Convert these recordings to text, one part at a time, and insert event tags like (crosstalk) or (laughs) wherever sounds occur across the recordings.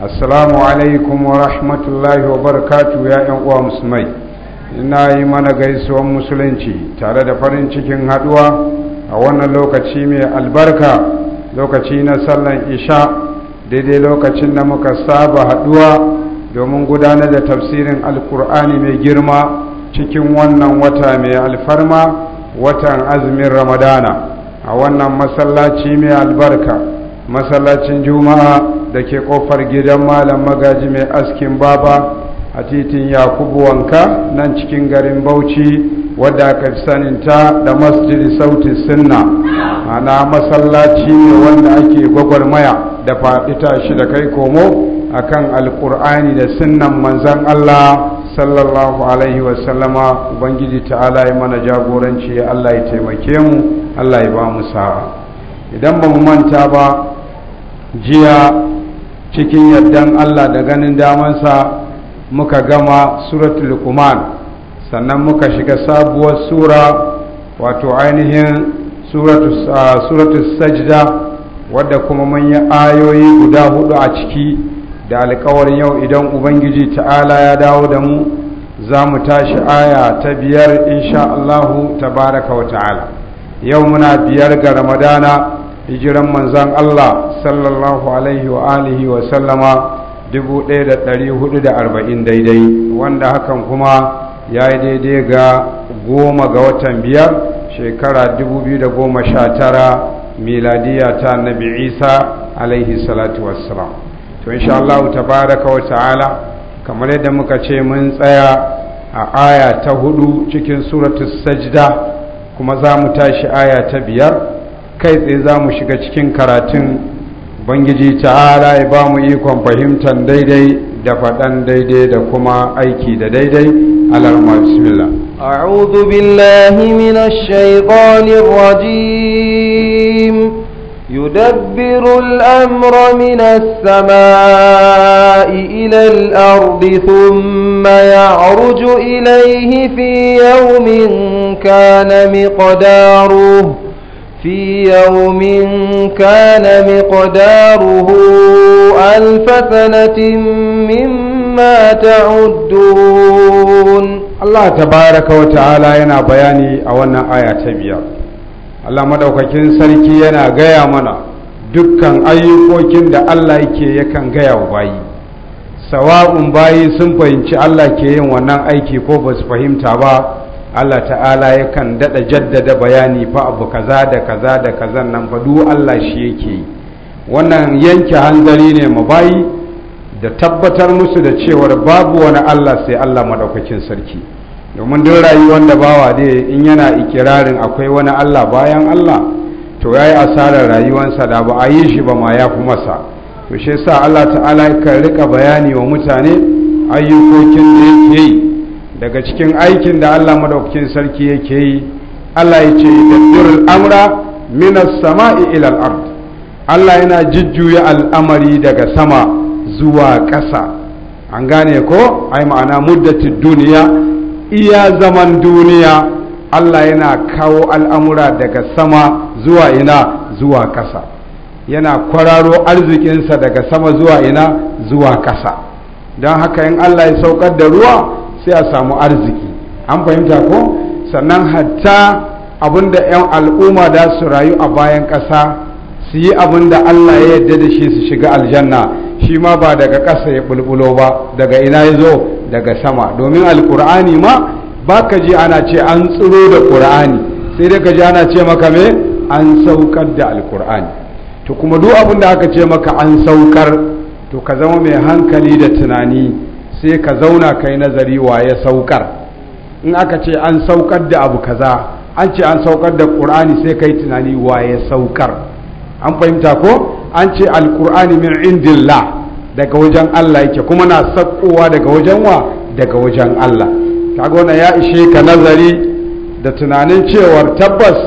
assalamu alaikum wa rahmatullahi wa barkatu. ya yan uwa musulmai ina yi mana gaisuwan musulunci tare da farin cikin haduwa a wannan lokaci mai albarka lokaci na sallan isha daidai lokacin da muka saba haduwa domin gudanar da tafsirin alkur'ani mai girma cikin wannan wata mai alfarma watan azumin ramadana a wannan masallaci mai albarka masallacin juma'a da ke kofar gidan malam magaji mai askin baba a titin yakubu wanka nan cikin garin bauchi wadda aka fi saninta da masjidi sautin sinna ana masallaci ne wanda ake gwagwarmaya da faɗi shi da kai komo a kan alƙur'ani da sunnan manzan allah sallallahu alaihi wasallama ubangiji ta'ala ya mana jagoranci Allah ya taimake mu Allah ya ba mu sa'a idan ba mu manta ba jiya cikin yardan Allah da ganin damansa muka gama suratul kuman sannan muka shiga sabuwar sura wato ainihin suratul ah, sajda wadda kuma manya ayoyi guda hudu a ciki da alkawarin yau idan ubangiji ta'ala ya dawo da mu za mu tashi aya ta biyar insha Allahu tabaraka wa ta'ala yau muna biyar ga ramadana hijiran manzan Allah sallallahu alaihi wa alihi wa sallama arba'in daidai wanda hakan kuma ya yi daidai ga goma ga watan biyar shekara 2019 miladiya ta nabi isa alaihi salatu wassalam to insha Allah baraka wa ta'ala kamar yadda muka ce mun tsaya a aya ta hudu cikin suratul sajda kuma za mu tashi aya ta biyar kai tsaye za mu shiga cikin karatun bangiji ta'ala ya ba mu ikon fahimtar daidai da faɗan daidai da kuma aiki da daidai alarma bismillah a'udhu billahi minash shaitanir rajim يدبر الأمر من السماء إلى الأرض ثم يعرج إليه في يوم كان مقداره في يوم كان مقداره ألف سنة مما تعدون الله تبارك وتعالى ينا بياني أولنا آية تبيا الله مدوك كن سركي ينا غيا منا dukkan ayyukokin da Allah yake yakan gaya wa bayi sawa'un bayi sun fahimci Allah ke yin wannan aiki ko ba su fahimta ba Allah ta'ala yakan dada jaddada bayani fa abu kaza da kaza da kaza nan fa duk Allah shi yake yi wannan yanke hanzari ne mu bayi da tabbatar musu da cewar babu wani Allah sai Allah madaukakin sarki domin duk rayuwar da bawa da in yana ikirarin akwai wani Allah bayan Allah to yayi asarar rayuwarsa da ba a yi shi ba ma ya fi masa to shi yasa Allah ta'ala kan rika bayani wa mutane ayyukokin da yake yi daga cikin aikin da Allah madaukakin sarki yake yi Allah ya ce daddurul amra minas sama'i ila al-ard Allah yana jujjuya al'amari daga sama zuwa ƙasa an gane ko ai ma'ana muddatid duniya iya zaman duniya Allah yana kawo al'amura daga sama zuwa ina zuwa ƙasa yana kwararo arzikinsa daga sama zuwa ina zuwa ƙasa don haka in Allah ya saukar da ruwa sai a samu arziki an fahimta ko sannan hatta abinda 'yan al'umma da su rayu a bayan ƙasa su yi abinda Allah ya yadda da shi su shiga aljanna shi ma ba daga ƙasa ya bulbulo ba daga ina ya zo daga sama domin alkur'ani ma ba ka ji ana ce an tsiro da ƙur'ani sai dai ka ji ana ce maka me an saukar da alkur'ani to kuma duk abin da aka ce maka an saukar to ka zama mai hankali da tunani sai ka zauna kai nazari waye saukar in aka ce an saukar da abu kaza an ce an saukar da qur'ani sai kai tunani waye saukar an fahimta ko an ce alqur'ani min indillah daga wajen Allah yake kuma na sakkowa daga wajen wa daga wajen Allah kaga wannan ya ishe ka nazari da tunanin cewar tabbas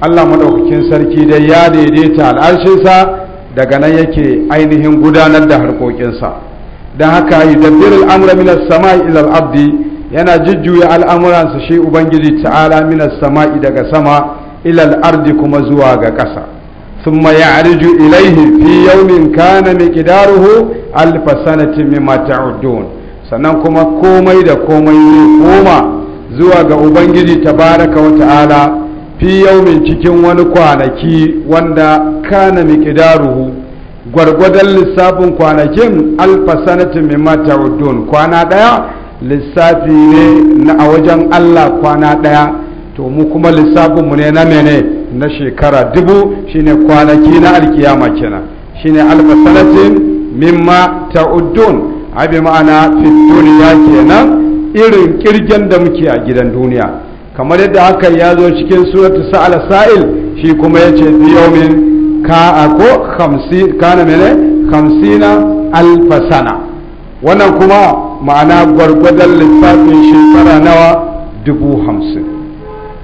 Allah madaukakin sarki dai ya daidaita al'arshinsa daga nan yake ainihin gudanar da harkokinsa don haka yudabbir al'amura minas sama'i ilal-abdi yana jujjuya al'amuransa shi ubangiji ta'ala minas sama'i daga sama ilal ardi kuma zuwa ga ƙasa ثم يعرج إليه في يوم كان مقداره ألف سنة مما تعدون sannan kuma komai da komai ne koma zuwa ga ubangiji tabaraka wa ta'ala fi yaumin cikin wani kwanaki wanda kana miqdaruhu gwargwadon lissafin kwanakin alfasanati sanatin mimma ta'udun kwana daya lissafi ne na a wajen Allah kwana daya to mu kuma lissafin mu ne na mene na shekara dubu shine kwanaki na alkiyama kenan shine alfa sanatin mimma ta'udun abi ma'ana fit duniya kenan irin kirgen da muke a gidan duniya kamar yadda hakan ya zo cikin suratu sa'al sa'il shi kuma yace ce biyomin ka ko kana mene hamsina alfasana wannan kuma ma'ana gwargwadon littafin shekara nawa dubu hamsin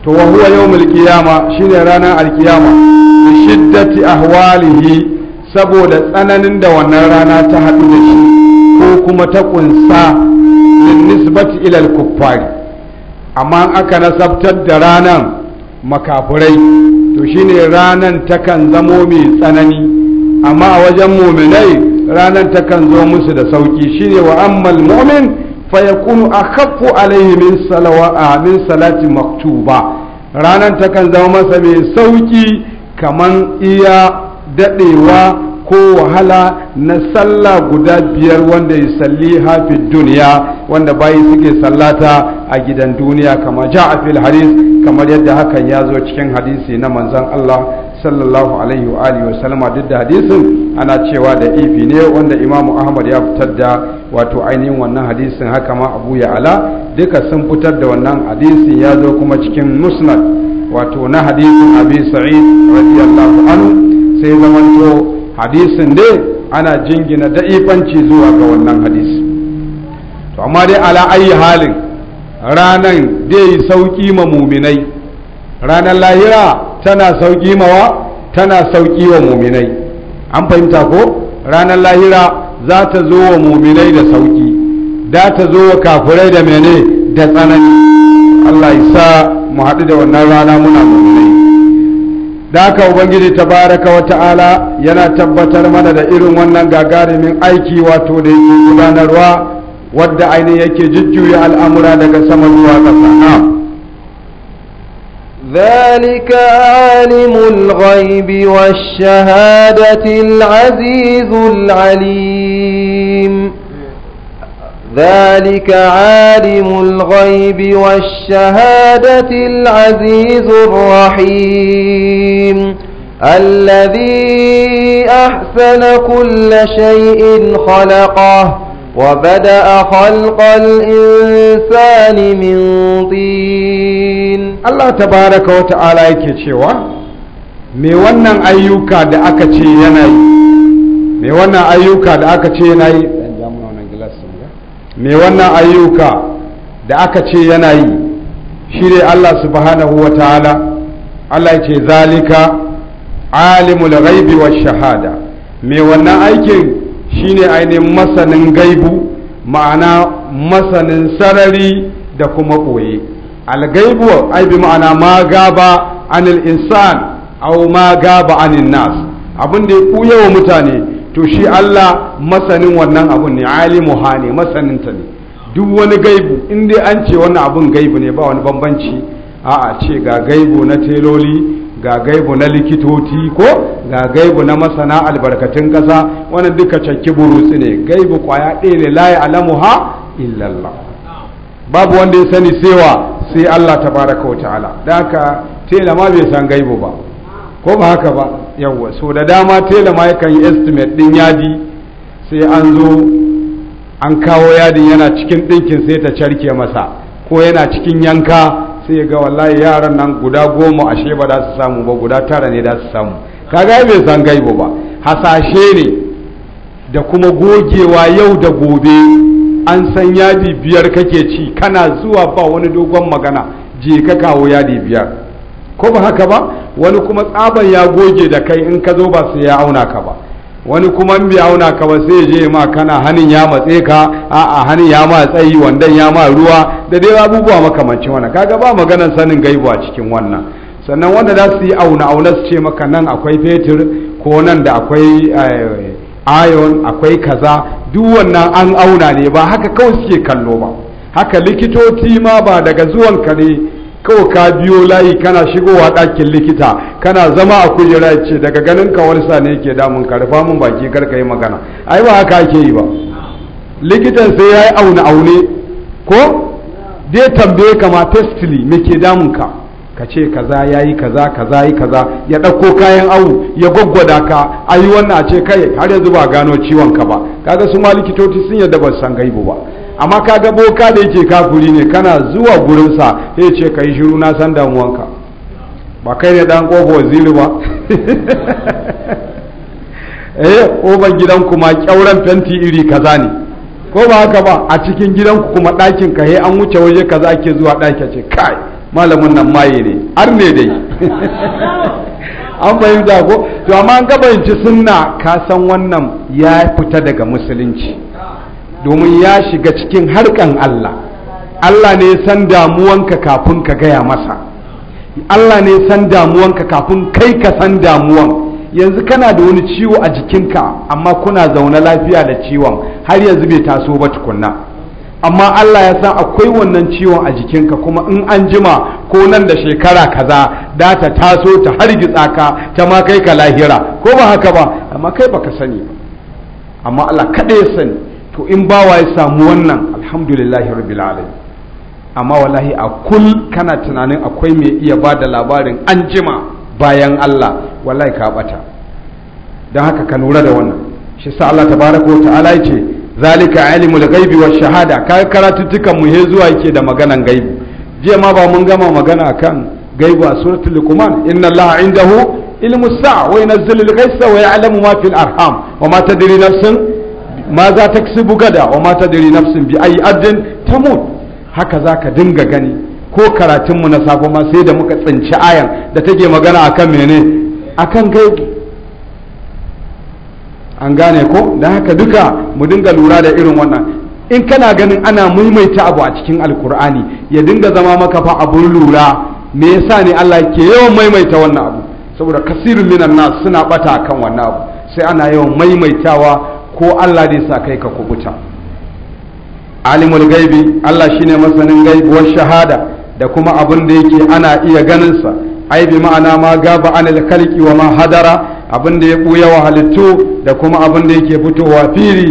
to wa huwa yawmul qiyama shine ranar alkiyama bi shiddati ahwalihi saboda tsananin da wannan rana ta haɗu da shi ko kuma ta kunsa lin nisbati ila kuffari amma aka nasabtar da ranan makafurai to shine ranan takan zamo mai tsanani amma a wajen muminai ranan takan zo musu da sauki shine wa ammal mu'min fa yakunu akhaffu alaihi min salawa min salati maktuba ranan takan zama masa mai sauki kaman iya dadewa ko wahala na sallah guda biyar wanda ya salli hafi duniya wanda bayi suke sallata a gidan duniya kama ja a fil hadis kamar yadda hakan ya zo cikin hadisi na manzan Allah sallallahu alaihi wa alihi wa sallama duk da hadisin ana cewa da ifi ne wanda imamu ahmad ya fitar da wato ainihin wannan hadisin haka ma abu ya duka sun fitar da wannan hadisin ya zo kuma cikin musnad wato na hadisin abi sa'id radiyallahu anhu sai zamanto hadisin ne ana jingina da'ifanci zuwa ga wannan hadisi to amma dai ala ayi halin ranan dai sauki ma muminai ranar lahira tana sauki mawa tana sauki wa muminai an fahimta ko ranar lahira za ta zo wa muminai da sauki da ta zo wa kafirai da mene da tsanani Allah ya sa mu haɗu da wannan rana muna muminai da haka ubangiji ta baraka wata'ala yana tabbatar mana da irin wannan gagarumin aiki wato da yake gudanarwa wadda ainihin yake jujjuya al'amura daga sama zuwa ƙasa na'am ذلك عالم الغيب والشهادة العزيز العليم ذلك عالم الغيب والشهادة العزيز الرحيم الذي أحسن كل شيء خلقه وبدأ خلق الإنسان من طين الله تبارك وتعالى يكتشوا me wannan ayyuka da aka ce yanayi me wannan ayyuka da aka ce yanayi mai wannan ayyuka da aka ce yana yi shi ne Allah subhanahu wa ta'ala Allah ce zalika alimul ra'ibi wa shahada mai wannan aikin shi ne ainihin masanin gaibu ma'ana masanin sarari da kuma ɓoye algaibu ai bi ma'ana ma gaba anil insan au ma gaba anil nas abin da ya ɓuya wa mutane to shi Allah masanin wannan abun ne alimu ha ne masanin ta ne duk wani gaibu inda an ce wannan abun gaibu ne ba wani bambanci a'a ce ga gaibu na teloli ga gaibu na likitoti ko ga gaibu na masana albarkatun ƙasa wani duka cakki burutsu ne gaibu kwaya ɗaya ne layi alamu ha illallah babu wanda ya sani sewa sai Allah ta baraka wa ta'ala da haka tela ma bai san gaibu ba ko ba haka ba yawwa so da dama tela ma yakan yi estimate din yadi sai an zo an kawo yadin yana cikin ɗinkin sai ta carke masa ko yana cikin yanka sai ga wallahi yaran nan guda goma ashe ba za su samu ba guda tara ne za su samu kaga bai san gaibo ba hasashe ne da kuma gogewa yau da gobe an san yadi biyar kake ci kana zuwa ba wani dogon magana je ka kawo yadi biyar ko ba haka ba wani kuma tsaban ya goge da kai in ka zo ba sai ya auna ka ba wani kuma in bi auna ka ba sai je ma kana hannun ya matse ka a'a hannun ya ma tsayi wandan ya ma ruwa da dai abubuwa makamancin wannan kaga ba maganar sanin gaibu a cikin wannan sannan wanda za su yi auna auna su ce maka nan akwai fetur ko nan da akwai ayon eh, akwai kaza duk wannan an auna ne ba haka kawai suke kallo ba haka likitoci ma ba daga zuwan ka ne kawai ka biyo layi kana shigowa ɗakin likita kana zama a kujera ce daga ganin ka walsa ne yake damun ka rufa mun baki kar ka yi magana ai ba haka ake yi ba likitan sai ya yi aune aune ko dai tambaye ka ma testily me ke damun ka ka ce kaza yayi kaza kaza yi kaza ya ɗauko kayan awu ya gwaggwada ka ayi wannan a ce kai har yanzu ba gano ciwon ka ba kaga su ma likitoci sun yadda ba san gaibu ba amma ka ga boka da yake kafuri ne kana zuwa gurinsa ya ce ka yi shiru na san damuwanka ba kai ne dan kofa waziri ba (laughs) eh oban gidanku ma kyauran fenti iri kaza ne ko ba haka ba a cikin gidanku kuma ɗakin ka an wuce waje kaza ake zuwa ɗaki ce kai malamin nan maye ne har ne dai (laughs) an fahimta ko to amma an gabanci sunna ka san wannan ya fita daga musulunci domin ya shiga cikin harkan Allah Allah ne san damuwanka kafin ka gaya masa Allah ne san damuwanka kafin kai ka san damuwan yanzu kana da wani ciwo a jikinka amma kuna zaune lafiya da ciwon har yanzu bai taso ba tukunna amma Allah ya san akwai wannan ciwon a jikinka kuma in an jima ko nan da shekara kaza da ta taso ta hargitsa ka ta ma kai ka lahira ko ba haka ba amma kai baka sani amma Allah kaɗai ya sani to in ba wa ya samu wannan alhamdulillahi rabbil alamin amma wallahi a kul kana tunanin akwai mai iya ba da labarin an jima bayan Allah wallahi ka bata don haka ka lura da wannan shi sa Allah tabaraka wa ta'ala yace zalika ilmul ghaibi wash shahada ka karatuttukan mu he zuwa yake da maganan gaibi jiya ma ba mun gama magana kan gaibi a suratul luqman inna allaha indahu ilmus sa'a wa yunzilu ghaisa wa ya'lamu ma fil arham wa ma tadri nafsun ma za ta buga da wa mata diri nafsin bi ayi addin tamut haka za ka dinga gani ko karatunmu na safe ma sai da muka tsinci ayan da take magana akan mene akan gaibi an gane ko da haka duka mu dinga lura da irin wannan in kana ganin ana maimaita abu a cikin alkur'ani ya dinga zama maka fa abun lura me yasa ne Allah ke yawan maimaita wannan abu saboda kasirun minan nas suna bata kan wannan abu sai ana yawan maimaitawa ko Allah zai sa kai ka kubuta alimul gaibi Allah shine masanin gaibuwar shahada da kuma abin da yake ana iya ganin sa ai bi ma'ana ma gaba an khalqi wa ma hadara abin da ya buya wa halittu da kuma abin da yake fitowa firi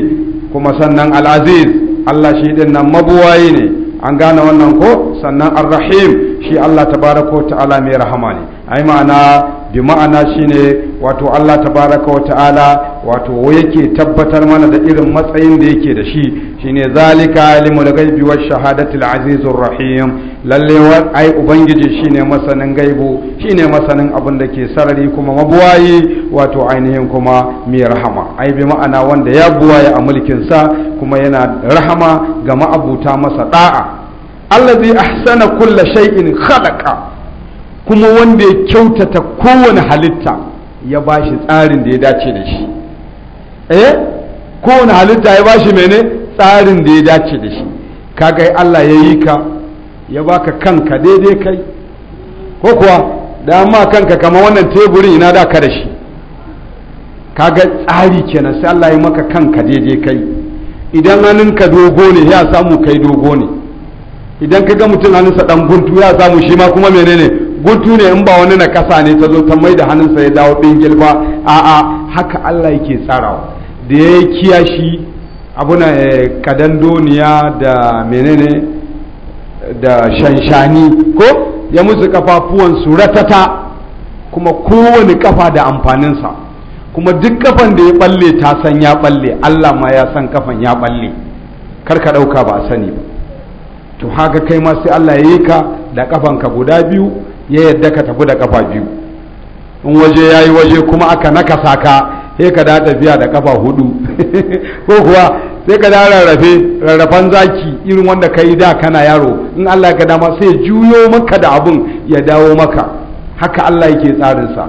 kuma sannan al-aziz Allah shi din nan mabuwayi ne an gane wannan ko sannan ar-rahim shi Allah tabaraka ta'ala mai rahama ne ai ma'ana bi ma'ana shine wato Allah tabaraka wa ta'ala wato yake tabbatar mana da irin matsayin da yake da shi shine zalika alimul ghaibi wash shahadatul azizur rahim lalle ai ubangiji shine masanin gaibu shine masanin abin da ke sarari kuma mabuwayi wato ainihin kuma mai rahama ai bi ma'ana wanda ya buwaye a mulkin sa kuma yana rahama ga ma'abuta masa da'a allazi ahsana kulla shay'in khalaqa kuma wanda ya kyautata kowane halitta ya ba shi tsarin da ya dace da shi eh kowane halitta ya ba shi mene tsarin da ya dace da shi kaga Allah ya yi ka ya baka kanka daidai kai ko kuwa da amma kanka kama wannan teburin ina da ka da shi kaga tsari kenan sai Allah ya maka kanka daidai kai idan hannunka dogo ne ya samu kai dogo ne idan ka ga mutum hannunsa dan guntu ya samu shi ma kuma menene gutu ne in ba wani na kasa ne ta zo ta mai da hannunsa ya dawo bingil ba a'a haka Allah yake tsarawa da ya kiyashi abuna eh, duniya da menene da shanshani ko ya musu kafafuwan suratata kuma kowane kafa da amfaninsa kuma duk kafan da ya balle ta san ya balle Allah ma ya san kafan ya balle kar ka ɗauka ba a sani ba to haka kai ma sai Allah ya yi ka da kafanka guda biyu ya yadda ka tafi da kafa biyu in waje ya yi waje kuma aka nakasa ka sai ka da tafiya da kafa hudu (laughs) ko kuwa sai ka da rarrafe rarrafan zaki irin wanda ka yi da kana yaro in Allah ka dama sai juyo maka da abun ya dawo maka haka Allah yake tsarinsa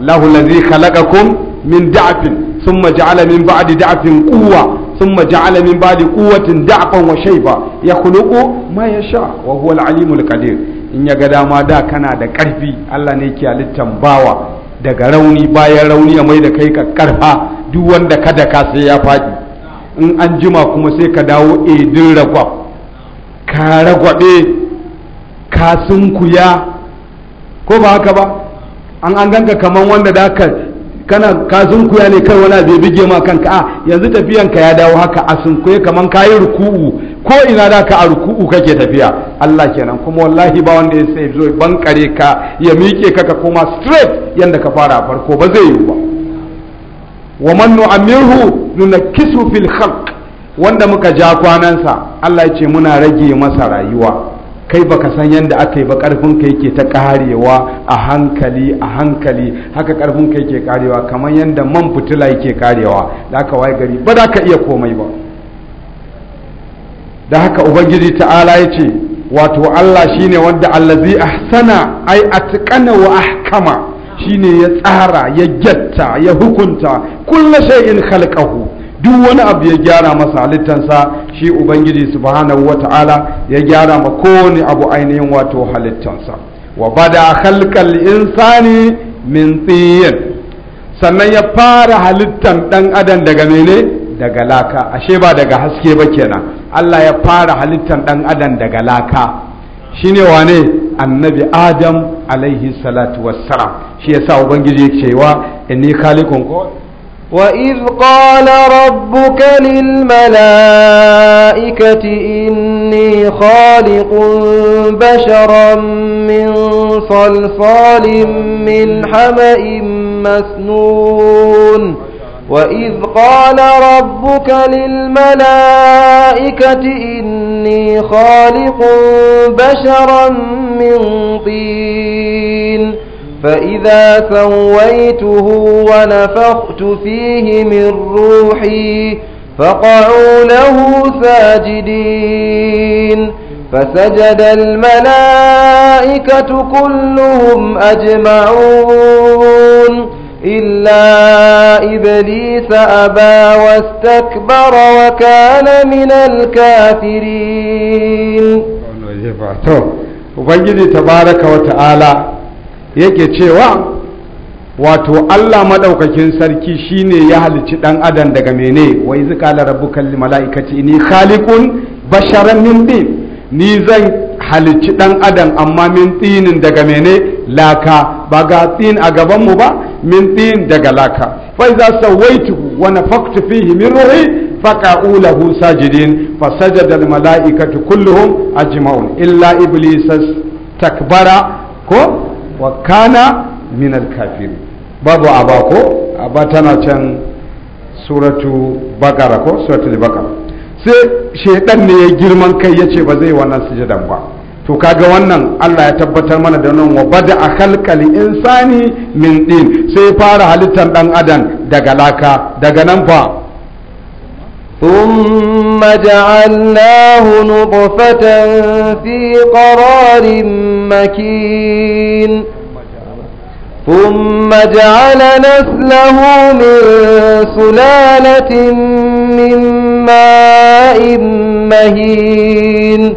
Allahu lazi khalaqakum min da'fin thumma ja'ala min ba'di da'fin quwwa thumma ja'ala min ba'di quwwatin da'fan wa shayba yakhluqu ma yasha wa huwa al-alimul qadir in ya ga dama da kana da ƙarfi Allah ne ke halittan bawa daga rauni bayan rauni ya mai da kai ka ƙarfa duk wanda ka daka sai ya faɗi in an jima kuma sai ka dawo edin eh, ragwab ka ragwabe ka sunkuya ko ba haka ba an an ganka kamar wanda da ka kana ka sunkuya ne kai wani bai bige ma kanka a yanzu tafiyan ka ya dawo haka a sunkuye kaman yi ruku'u ko ina da ka a ruku'u kake tafiya Allah kenan kuma wallahi ba wanda ya sai zo bankare ka ya miƙe ka ka koma straight yanda ka fara farko ba zai yiwu ba wa man nu'amiru nunakisu fil khalq wanda muka ja kwanansa Allah ya ce muna rage masa rayuwa kai baka san yadda aka yi ba karfin ka yake ta karewa a hankali a hankali haka karfin yake karewa kamar yadda man fitila yake karewa da aka waye gari ba da ka iya komai ba da haka ubangiji ta'ala ya ce wato Allah shine wanda Allah allazi ahsana ai atqana wa ahkama shine ya tsara ya gyatta ya hukunta kullu shay'in khalqahu duk wani abu ya gyara masa halittansa shi ubangiji subhanahu wata'ala ya gyara ma kowane abu ainihin wato halittansa wa bada khalqal insani min tin sannan ya fara halittan dan adam daga mene daga laka ashe ba daga haske ba kenan Allah ya fara halittan dan adam daga laka shine wane annabi adam alaihi salatu wassalam shi yasa ubangiji ya cewa inni khaliqun ko وإذ قال ربك للملائكة إني خالق بشرا من صلصال من حمأ مسنون وإذ قال ربك للملائكة إني خالق بشرا من طين فإذا سويته ونفخت فيه من روحي فقعوا له ساجدين فسجد الملائكة كلهم أجمعون إلا إبليس أبى واستكبر وكان من الكافرين وبنجد تبارك وتعالى yake cewa wato Allah maɗaukakin sarki shine ya halici ɗan adam daga mene wa izi kala rabbuka lil mala'ikati ni khaliqun basharan min tin ni zan halici ɗan adam amma min tinin daga mene laka ba ga tin a gaban mu ba min tin daga laka fa iza sawaituhu wa nafaktu fihi min ruhi sajidin fa sajada al mala'ikatu kulluhum ajma'un Illa إبليس Takbara ko wa kana min alkafiri babu aba aba tana can suratu bakara ko suratu bakara sai shaidan ne ya girman kai ya ce ba zai wannan sujadan ba to kaga wannan Allah ya tabbatar mana da nan wa bada a halkali insani min din sai fara halittar dan adam daga laka daga nan fa ثم جعلناه نطفة في قرار مكين ثم جعل نسله من سلالة من ماء مهين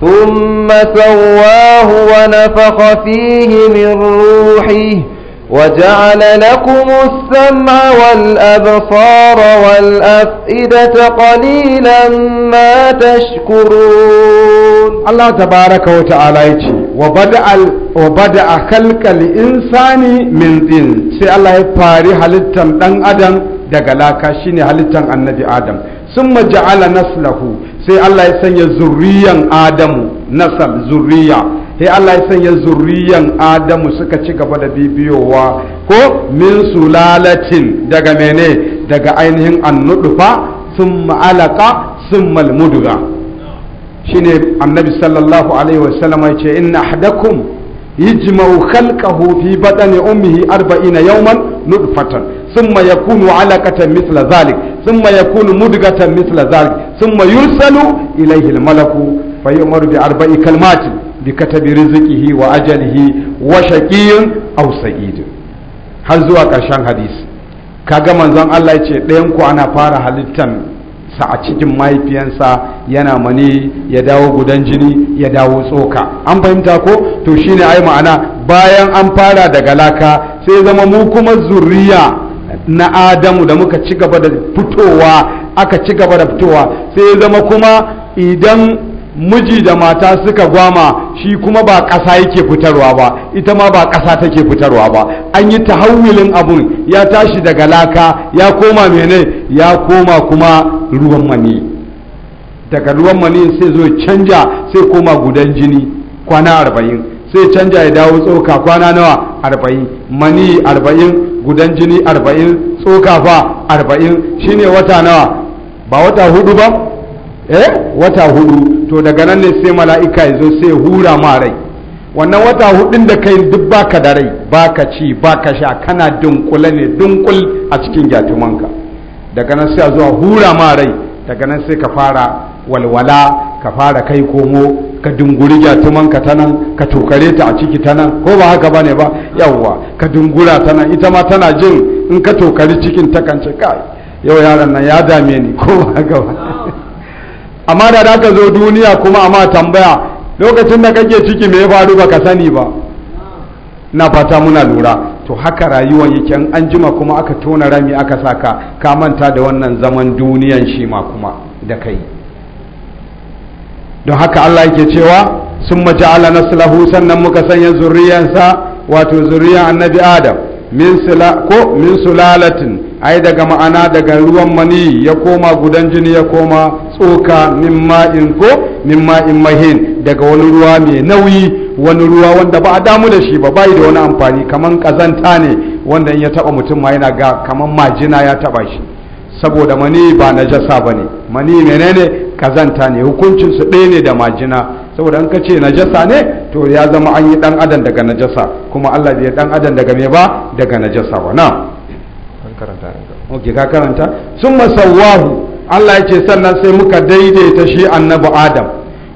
ثم سواه ونفخ فيه من روحه وجعل لكم السمع والأبصار والأفئدة قليلا ما تشكرون الله تبارك وتعالى وبدأ وبدأ خلق الإنسان من دين سي الله يفاري هلتم دان أدم دقلاكا شيني هلتم النبي آدم ثم جعل نسله سي الله يسني زريا آدم نسل زريا sai Allah ya sanya zurriyan Adamu suka ci gaba da bibiyowa ko min sulalatin daga mene daga ainihin annudufa ma'alaka sun thumma almudga shine annabi sallallahu alaihi wasallam ya ce inna ahadakum yajma'u khalqahu fi batni ummihi 40 yawman nudfatan ثم يكون علقة مثل ذلك ثم يكون مدغة مثل ذلك ثم يرسل إليه الملك bi arba'i kalimat bi katabi rizqihi wa ajalihi wa shaqiyyun aw sa'id har zuwa ƙarshen hadisi kaga manzon Allah ya ce ɗayan ku ana fara halittan sa a cikin mahaifiyansa yana mani ya dawo gudan jini ya dawo tsoka an fahimta ko to shine ai ma'ana bayan an fara daga laka sai zama mu kuma zuriya na adamu da muka cigaba da fitowa aka ci gaba da fitowa sai zama kuma idan miji da mata suka gwama shi kuma ba ƙasa yake fitarwa ba ita ma ba ƙasa take fitarwa ba an yi tahawilin abun ya tashi daga laka ya koma mene ya koma kuma ruwan mani daga ruwan mani sai zo canja sai koma gudan jini kwana arba'in sai canja ya dawo tsoka kwana nawa arba'in mani arba'in gudan jini arba'in tsoka fa arba'in shine wata nawa ba wata hudu ba eh wata hudu to daga nan ne sai mala'ika ya zo sai hura ma rai wannan wata hudun da kai duk baka da rai baka ci baka sha kana dunkule ne dunkul a cikin gyatumanka daga nan sai a zuwa hura ma rai daga nan sai ka fara walwala ka fara kai komo ka dunguri gyatumanka ta nan ka tokare ta a ciki ta nan ko ba haka bane ba yawwa ka dungura ta nan ita ma tana jin in ka tokari cikin ta ce kai yau yaran nan ya dame ni ko ba haka ba amma da za ka zo duniya kuma amma tambaya lokacin da kake ciki me ya faru baka sani ba na fata muna lura to haka rayuwan yake an jima kuma aka tona rami aka saka ka manta da wannan zaman duniyan shi ma kuma da kai don haka Allah yake cewa sun maja'ala sulahu sannan muka sanya zurriyansa wato zurriyan annabi adam min ko min sulalatin ai daga ma'ana daga ruwan mani ya koma gudan jini ya koma tsoka min ma'in ko min ma'in mahin daga wani ruwa mai nauyi wani ruwa wanda ba a damu da shi ba bai da wani amfani kaman kazanta ne wanda in ya taba mutum ma yana ga kaman majina ya taba shi saboda mani ba najasa ne mani menene kazanta ne hukuncinsu ɗaya ne da majina saboda an ka ce najasa ne to ya zama an yi dan adam daga najasa kuma Allah bai dan adam daga me ba daga najasa ba na an karanta okay ka karanta summa sawahu Allah ya ce sannan sai muka daidaita shi annabi Adam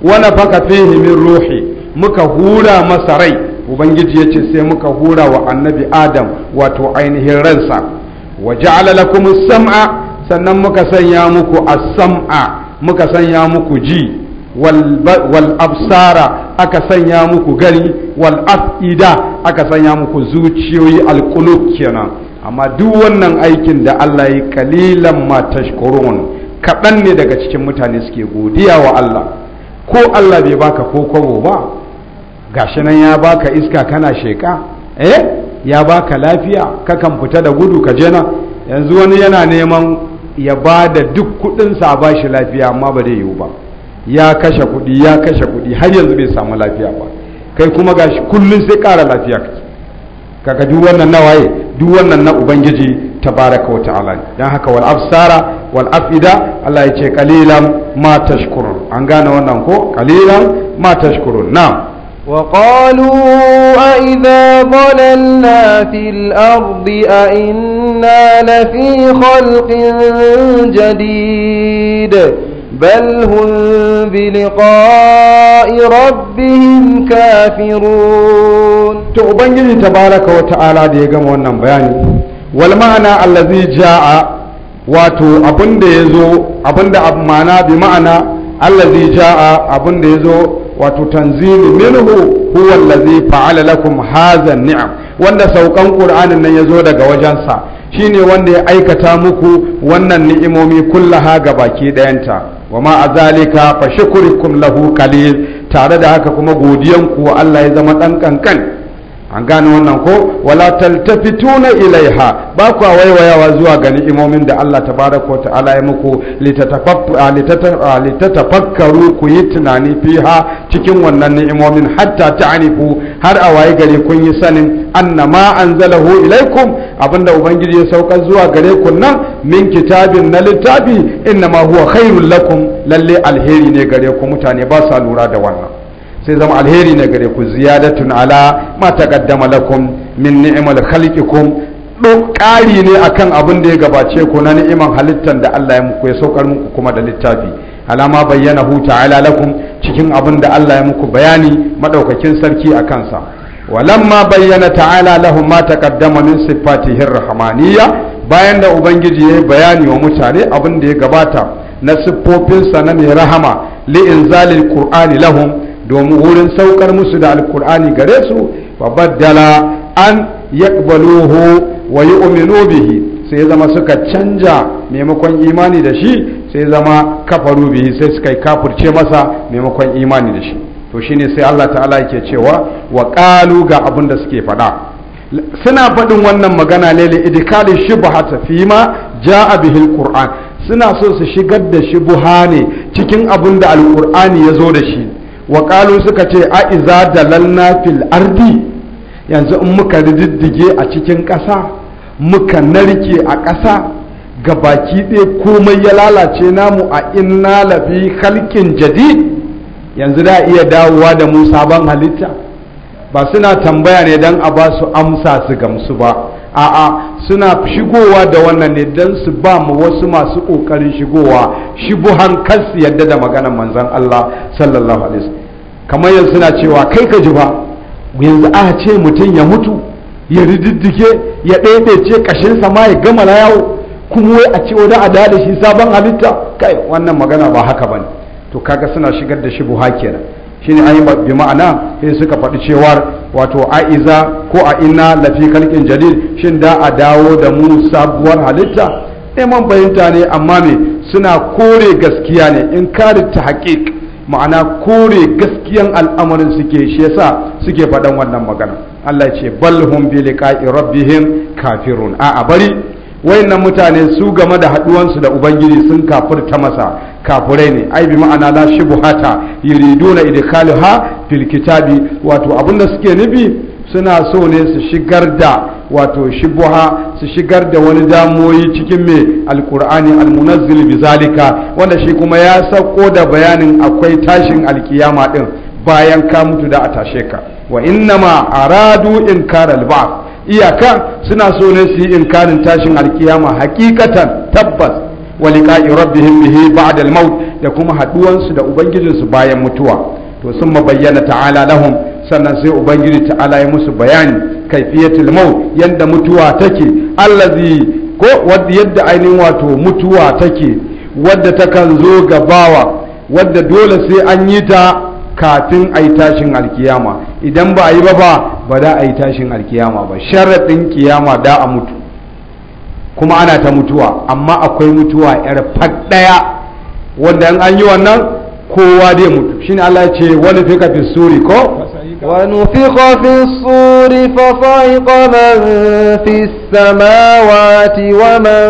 wa nafaka fihi min ruhi muka hura masa rai ubangiji ya ce sai muka hura wa annabi Adam wato ainihin ransa wa ja'ala lakum sam'a sannan muka sanya muku as-sam'a muka sanya muku ji wal’absara aka sanya muku gari wal’af’ida aka sanya muku zuciyoyi alqulub kenan amma duk wannan aikin da Allah ya kalilan ma tashkurun kaɗan ne daga cikin mutane suke godiya wa Allah ko Allah bai baka ko ba gashi nan ya baka iska kana sheka eh ya baka lafiya kakan fita da gudu ka jena yanzu wani yana neman ya ba da duk kuɗinsa a bashi lafiya amma ba zai yiwu ba ya kashe kuɗi ya kashe kuɗi har yanzu bai samu lafiya ba kai kuma gashi kullum sai ƙara lafiya kake kaga duk wannan na waye duk wannan na ubangiji tabaraka wa ta'ala dan haka wal afsara wal afida Allah ya ce qalilan ma tashkurun an gane wannan ko qalilan ma tashkurun na'am وقالوا fil ardi a inna la fi khalqin jadid بل هم بلقاء ربهم كافرون تقبنجي تبارك وتعالى دي يغم wannan bayani wal ma'ana allazi jaa wato abinda yazo abinda ab ma'ana bi ma'ana allazi jaa abinda yazo wato tanzili minhu huwa allazi fa'ala lakum hadha ni'am wanda saukan qur'anin nan yazo daga wajensa shine wanda ya aikata muku wannan ni'imomi kullaha baki dayanta wa ma a zalika fa shukurikum lahu qalil tare da haka kuma godiyanku Allah ya zama ɗan ƙanƙan. an gane wannan ko wala taltafituna ilaiha ba ku waiwayawa zuwa ga ni'imomin da Allah tabaraka ta'ala ya muku litatafakkaru ku yi tunani fiha cikin wannan ni'imomin hatta ta'rifu har a waye gare kun yi sanin annama anzalahu ilaikum abinda ubangiji ya sauka zuwa gare ku nan min kitabin na littafi inna ma huwa khairul lakum lalle alheri ne gare ku mutane ba sa lura da wannan sai zama alheri na gare ku ziyadatun ala ma taqaddama lakum min ni'mal khaliqikum duk ƙari ne akan abin da ya gabace ku na ni'iman halittar da Allah ya muku ya saukar muku kuma da littafi alama bayyana hu ta'ala lakum cikin abin da Allah ya muku bayani madaukakin sarki a kansa walamma bayyana ta'ala lahum ma taqaddama min sifatihi rahmaniyya bayan da ubangiji ya bayani wa mutane abin da ya gabata na siffofinsa na mai rahama li inzalil qur'ani lahum domin wurin saukar musu da alkur'ani gare su babbadala an an yakbaluhu wa yu'minu bihi sai zama suka canja maimakon imani da shi sai zama kafaru bihi sai suka yi kafirce masa maimakon imani da shi to shine sai Allah ta'ala yake cewa wa qalu ga abin da suke faɗa suna faɗin wannan magana ne shi idkali shubhata fi ma a bihi alquran suna so su shigar da shubha ne cikin abin da alqur'ani ya zo da shi wa suka ce a iza dalalna fil ardi yanzu in muka diddige a cikin ƙasa muka narke a ƙasa ga baki ɗaya komai ya lalace namu a inna lafi halkin jadi yanzu da iya dawowa da mu sabon halitta ba suna tambaya ne don a ba su amsa su gamsu ba a'a suna shigowa da wannan ne don su ba mu wasu masu ƙoƙarin shigowa shubuhan kansu yadda da maganar manzan Allah sallallahu alaihi kamar yanzu suna cewa kai ka ji ba yanzu a ce mutum ya mutu ya rididdike ya ɗaiɗaice ƙashinsa ma ya gama la yawo kuma wai a ce wani a da shi sabon halitta kai wannan magana ba haka ba ne. to kaga suna shigar da shubuha kenan shine ai bi ma'ana sai suka faɗi cewar wato aiza ko a ina lafi kalkin jalil shin da a dawo da mu sabuwar halitta neman eh, bayinta fahimta ne amma me suna kore gaskiya ne in kare ta haƙiƙ ma'ana kore gaskiyan al'amarin suke shi yasa suke faɗan wannan magana Allah ce bal bi liqa'i rabbihim kafirun a'a bari wayannan mutane su game da haduwansu da ubangiji sun kafirta masa kafurai ne ai bi ma'ana la shubuhata yuriduna idkhaluha fil kitabi wato abinda suke nufi suna so ne su shigar da wato shubuha su shigar da wani damoyi cikin mai alkur'ani almunazzil bizalika wanda shi kuma ya sauko da bayanin akwai tashin alkiyama din bayan ka mutu da a tashe ka wa innama aradu inkar al iyaka suna so ne su yi inkarin tashin alkiyama hakikatan tabbas wani liqa'i rabbihim bihi ba'da al-maut da kuma haduwansu da ubangijinsu bayan mutuwa to sun bayyana ta'ala lahum sannan sai ubangiji ta'ala ya musu bayani kaifiyatul maut yanda mutuwa take allazi ko yadda ainihin wato mutuwa take wadda takan zo gabawa wadda dole sai an yi ta katin a yi tashin alkiyama idan ba a yi ba ba ba da a yi tashin alkiyama ba sharaɗin kiyama da a mutu kuma ana ta mutuwa amma akwai mutuwa yar fak ɗaya wanda an yi wannan kowa dai mutu shine Allah ce wani fika fi suri ko ونفخ في الصور فصعق من في السماوات ومن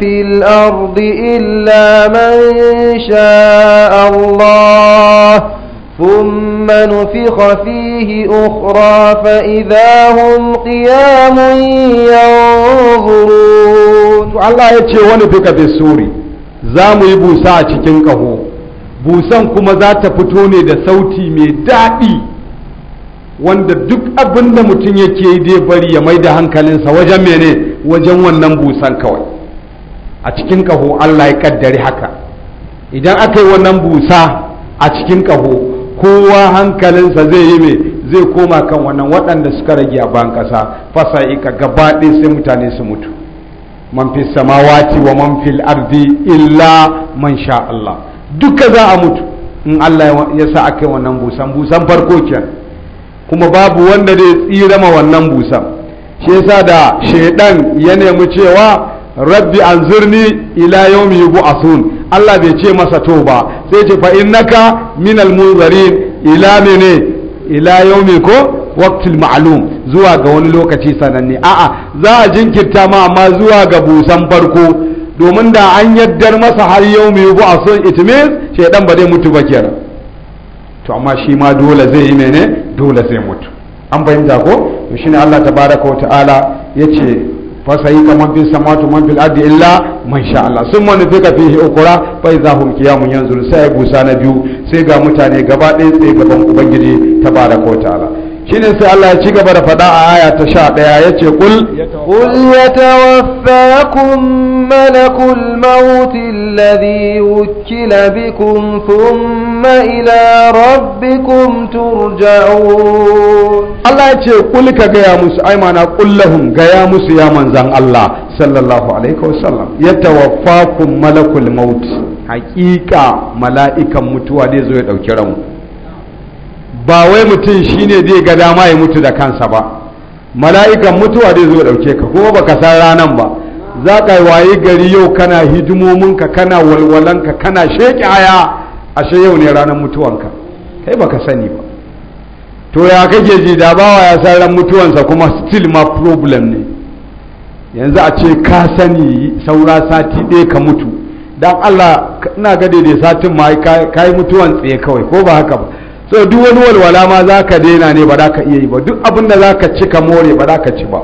في الأرض illa man sha Allah. ثم نفخ فيه أخرى فإذا هم قيام ينظرون الله يتشي ونفخ في السوري زامو يبوسا تكنكه busan kuma za ta fito ne da sauti mai daɗi wanda duk abin da mutum yake dai bari ya mai da hankalinsa wajen mene wajen wannan busan kawai a cikin kaho allah ya ƙaddari haka idan aka yi wannan busa a cikin ƙaho kowa hankalinsa zai yi mai zai koma kan wannan waɗanda suka rage a ban ƙasa fasa gaba ɗaya sai mutane su mutu man fi samawati wa man fil ardi illa man sha Allah duka za a mutu in Allah ya sa aka yi wannan busan busan farko kyan kuma babu wanda zai tsira ma wannan busan shi yasa da shaidan ya nemi cewa rabbi anzirni ila yawmi yub'athun Allah bai ce masa to ba sai ce fa innaka minal munzarin ila mene ila yaumi ko waqtil ma'lum zuwa ga wani lokaci sananne a'a za a jinkirta ma amma zuwa ga busan farko domin da an yaddar masa har yaumi yubu a son it means shedan ba zai mutu ba kenan to amma shi ma dole zai yi mene dole zai mutu an fahimta ko to shine Allah tabaraka wa ta'ala yace fasayi man fi samatu man fil ardi illa man sha Allah sun manufika fihi ukura fa idza hum yanzu yanzur sai gusa na biyu sai ga mutane gaba ɗaya tsaye gaban ubangiji tabaraka wa ta'ala shine sai Allah ya ci gaba da faɗa a aya ta sha ɗaya ya ce kul ya ya tawaffakum malakul mawuti alladhi wukila bikum thumma ila rabbikum turja'un Allah ya ce ƙul ka gaya musu ai mana kullahum gaya musu ya manzan Allah sallallahu alaihi wasallam ya kun malakul mauti hakika mala'ikan mutuwa zai zo ya ɗauki ramu ba wai mutum shine zai ga dama ya mutu da kansa ba mala'ikan mutuwa zai zo dauke ka kuma baka san ranan ba za ka waye gari yau kana hidimominka kana walwalanka kana sheƙi aya ashe yau ne ranar mutuwanka kai baka sani ba to ya kake ji da bawa ya san ran mutuwansa kuma still ma problem ne yanzu a ce ka sani saura sati ɗaya ka mutu dan Allah ina ga daidai satin ma ka yi mutuwan tsaye kawai ko ba haka ba so duk wani walwala ma za ka daina ne ba za ka iya yi ba duk abin da za ka ci ka more ba za ka ci ba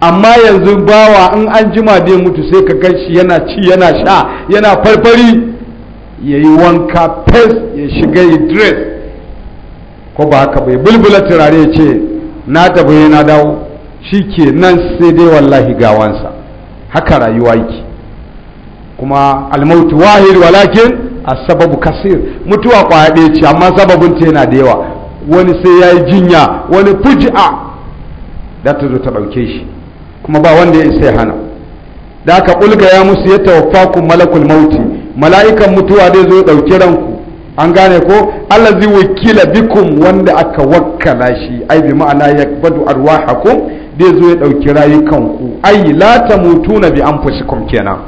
amma yanzu bawa in an jima da mutu sai ka gan shi yana ci yana sha yana farfari ya yi wanka fes ya shiga yi dress ko ba haka bai bulbula turare ya ce na tabi na dawo shi ke nan sai dai wallahi gawansa haka rayuwa yake kuma almautu wahid walakin sababu kasir mutuwa kwaya ɗaya ce amma sababin ta yana da yawa wani sai ya yi jinya wani fuji'a da ta zo ta ɗauke shi kuma ba wanda ya isa ya hana da aka ulga ya musu ya ku malakul mauti mala'ikan mutuwa dai zo ɗauki ranku an gane ko Allah zai wakila bikum wanda aka wakkala shi ai bi ma'ana ya yakbadu arwahakum dai zo ya ɗauki rayukanku ai la mutuna bi an anfusikum kenan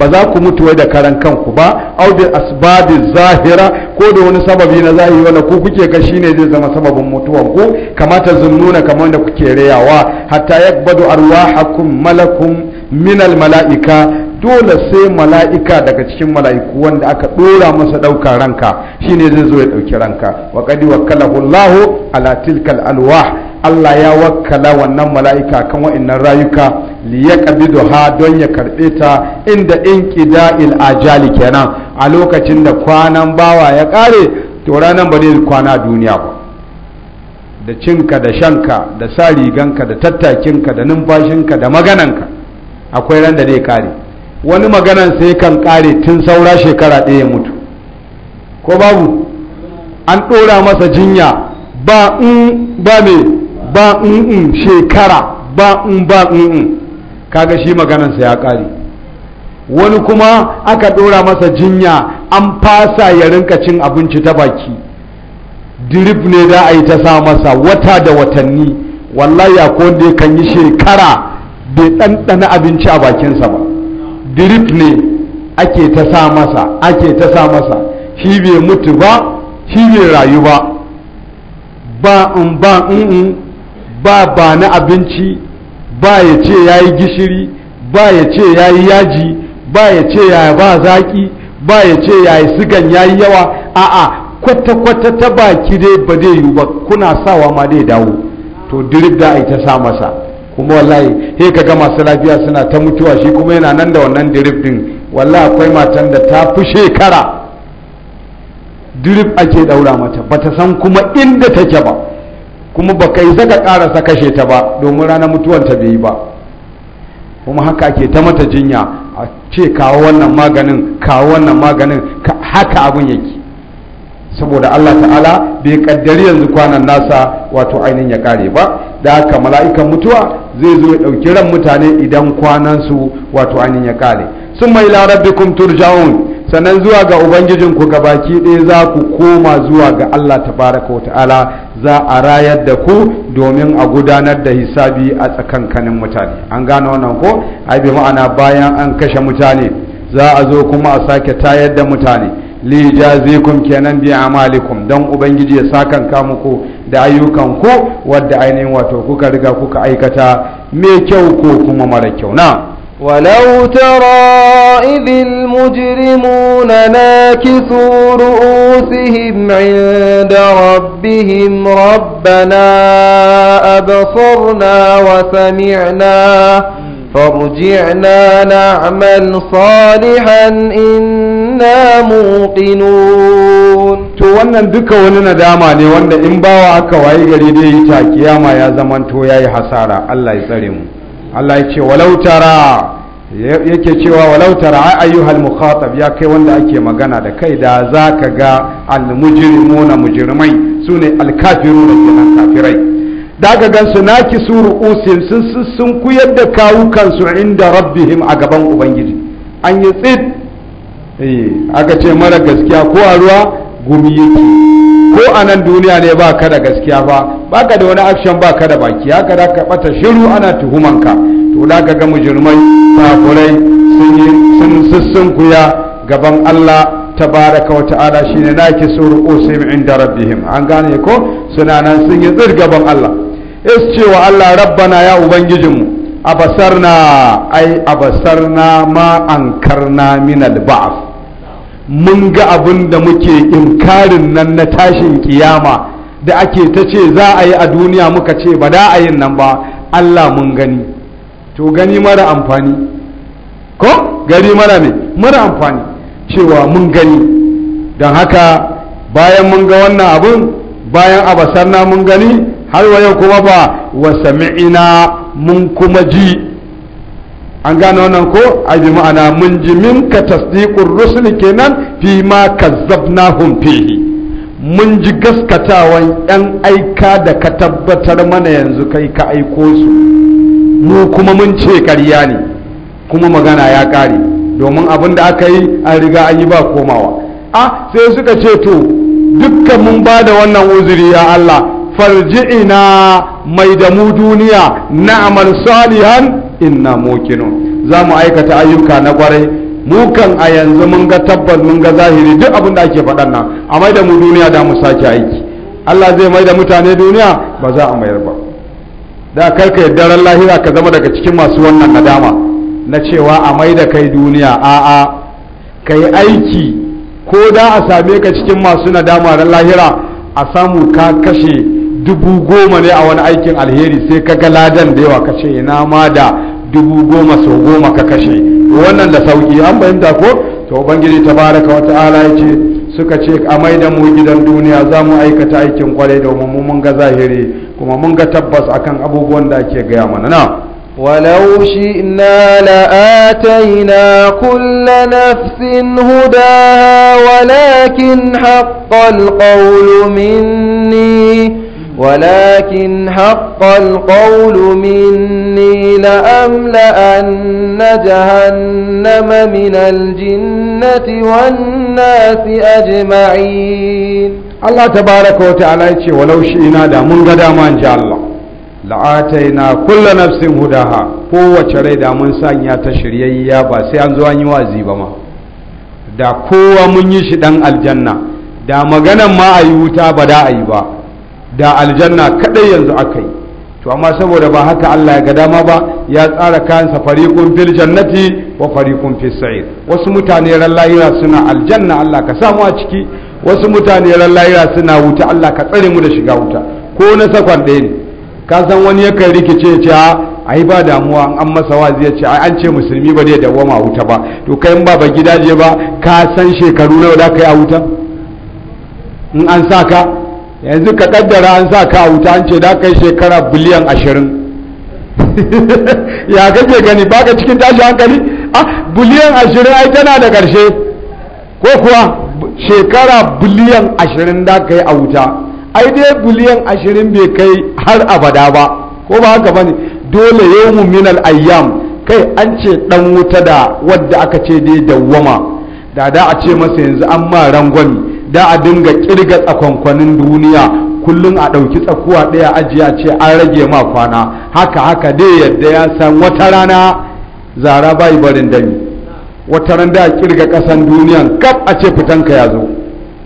ba za ku mutu wai da karan kanku ba au da asbabi zahira ko da wani sababi na zahiri wanda ku kuke ga ne zai zama sababin mutuwan ku kamata zunnuna kamar da kuke rayawa hatta yakbadu arwahakum malakum minal mala'ika dole sai mala'ika daga cikin mala'iku wanda aka ɗora masa ɗauka ranka shine zai zo ya ɗauki ranka wa qad wakkalahu Allahu ala tilkal alwah Allah ya wakkala wannan mala'ika kan wa'annan rayuka liyaqbiduha don ya karbe ta inda inqida'il ajali kenan a lokacin da kwanan bawa ya kare to ranan ba zai kwana duniya ba da cinka da shanka da sa riganka da tattakinka da numfashinka da magananka akwai ran da zai kare wani maganan sai kan kare tun saura shekara ɗaya mutu ko babu an ɗora masa jinya ba in ba me ba in shekara ba in ba in kaga shi maganansa ya ƙari wani kuma aka ɗora masa jinya an fasa ya rinka cin abinci ta baki dirib ne za a yi ta sa masa wata da watanni wallahi ya da ya kan yi shekara bai ɗanɗana abinci a bakinsa ba dirib ne ake ta sa masa ake ta sa masa shi bai mutu ba shi bai rayu ba ba in ba in ba ba na abinci ba ya ce ya yi gishiri ba ya ce ya yi yaji ba ya ce ya ba zaƙi ba ya ce ya yi sigan ya yi yawa a'a kwata-kwata ta baki dai ba zai yi ba kuna sawa ma dai dawo to dirib da ai ta sa masa kuma wallahi he ka ga masu lafiya suna ta mutuwa shi kuma yana nan da wannan dirib din wallahi akwai matan da ta fi shekara dirib ake daura mata bata san kuma inda take ba kuma ba kai zaka karasa kashe ta ba domin ranar mutuwan ta bai ba kuma haka ke ta mata jinya a ce kawo wannan maganin kawo wannan maganin haka abin yake saboda Allah ta'ala bai kaddari yanzu kwanan nasa wato ainihin ya kare ba da haka mala'ikan mutuwa zai zo ya ɗauki ran mutane idan kwanan su wato ainihin ya kare sun mai larabbikum turja'un sannan zuwa ga ku ubangijin ga baki ɗaya za ku koma zuwa ga Allah tabaraka wa ta'ala za a rayar da ku domin a gudanar da hisabi a tsakankanin mutane an gane wannan ko ai bi ma'ana bayan an kashe mutane za a zo kuma a sake tayar da mutane li jazikum kenan bi amalikum dan ubangiji ya sakan ka muku da ayyukan ku wadda ainihin wato kuka riga kuka aikata mai kyau ko kuma mara kyau na ولو ترى إذ المجرمون ناكسوا رؤوسهم عند ربهم ربنا أبصرنا وسمعنا فارجعنا نعمل صالحا إنا موقنون to wannan duka wani nadama ne wanda in bawa aka wayi gari dai ta kiyama ya zamanto yayi hasara Allah ya tsare mu Allah ya ce walautara yake cewa walautara tara ayyuhal mukhatab ya kai wanda ake magana da kai da za ka ga ne mujrimai sune ke kenan kafirai da ka gan su naki su ru'usin sun sun kuyar da kawukansu inda rabbihim a gaban ubangiji an yi tsid eh, aka ce mara gaskiya ko a ruwa gumi yake ko a nan duniya ne ba ka da gaskiya ba ba ka da wani action ba ka da baki haka da ka bata shiru ana tuhumanka to da ka ga mujirmai kafurai sun yi sun kuya gaban Allah tabaraka wa ta'ala shine naki suru usim inda rabbihim an gane ko suna nan sun yi tsir gaban Allah is cewa Allah rabbana ya ubangijinmu abasarna ai abasarna ma ankarna min al-ba'th mun ga abin da muke inkarin nan na tashin kiyama da ake ta ce za a yi a duniya muka ce ba da a yin nan ba Allah mun gani to gani mara amfani ko gari mara ne mara amfani cewa mun gani don haka bayan mun ga wannan abin bayan abasarna mun gani har wa yau kuma ba wa sami'ina mun kuma ji an gane wannan ko a bi ma'ana mun ji minka tasdiqur rusul kenan fi ma kazzabnahum fihi mun ji gaskatawan yan aika da ka tabbatar mana yanzu kai ka aiko su mu kuma mun ce ƙarya ne kuma magana ya ƙare domin abin da aka yi an riga an yi ba komawa a sai suka ce to dukkan mun ba da wannan uzuri ya Allah farji'ina mai da mu duniya na amal salihan inna mokino za mu aikata ayyuka na kwarai mukan a yanzu mun ga tabbas mun ga zahiri duk abin da ake faɗan nan a mai mu duniya da mu sake aiki Allah zai mai da mutane duniya ba za a mayar ba da karka yadda ran lahira ka zama daga cikin masu wannan nadama na cewa a mai kai duniya a'a kai aiki ko da a same ka cikin masu nadama ran lahira a samu ka kashe dubu goma ne a wani aikin alheri sai ka ga ladan da yawa ka ce ina ma da dubu goma sau goma ka kashe wannan da sauki an fahimta ko to ubangiji tabaraka wa ta'ala yace suka ce a maida mu gidan duniya za mu aikata aikin kwarai domin mu mun ga zahiri kuma mun ga tabbas akan abubuwan da ake gaya mana na ولو شئنا لآتينا كل نفس هداها ولكن حق القول مني ولكن حق القول مني لأملأن جهنم من الجنة والناس أجمعين الله تبارك وتعالى ولو شئنا دا من قدا ما جاء الله لآتينا كل نفس هداها قوة شريدا من سانيا تشريعي يا باسي أنزواني وازيبا ما دا قوة من يشدن الجنة da maganan ma a yi wuta ba da a ba da aljanna kadai yanzu aka yi to amma saboda ba haka Allah ya ga dama ba ya tsara kansa fariqun fil jannati wa fariqun fis sa'ir wasu mutane ran lahira suna aljanna Allah ka samu a ciki wasu mutane ran lahira suna wuta Allah ka tsare mu da shiga wuta ko na sakon ɗaya ne ka san wani yakan rikice ce ai ba damuwa an masa wazi ya ce an ce musulmi ba da dawwama wuta ba to kai in ba ba gidaje ba ka san shekaru nawa da kai a wuta in an sa ka yanzu ka kaddara an sa ka a wuta an ce da kai shekara biliyan ashirin (laughs) ya kake gani baka cikin tashi hankali a ah, biliyan ashirin ai tana da ƙarshe ko kuwa shekara biliyan ashirin da ka yi a wuta ai dai biliyan ashirin bai kai har abada ba ko ba haka bane dole yawmu minal ayyam kai an ce dan wuta da wadda aka ce dai dawwama da da a ce masa yanzu an ma rangwami da a dinga kirga tsakonkwanin duniya kullum a ɗauki tsakuwa ɗaya ajiya ce an rage ma kwana haka haka dai yadda ya san wata rana zara bai barin dami wata ran da a kirga ƙasan duniyan kaf a ce fitanka ya zo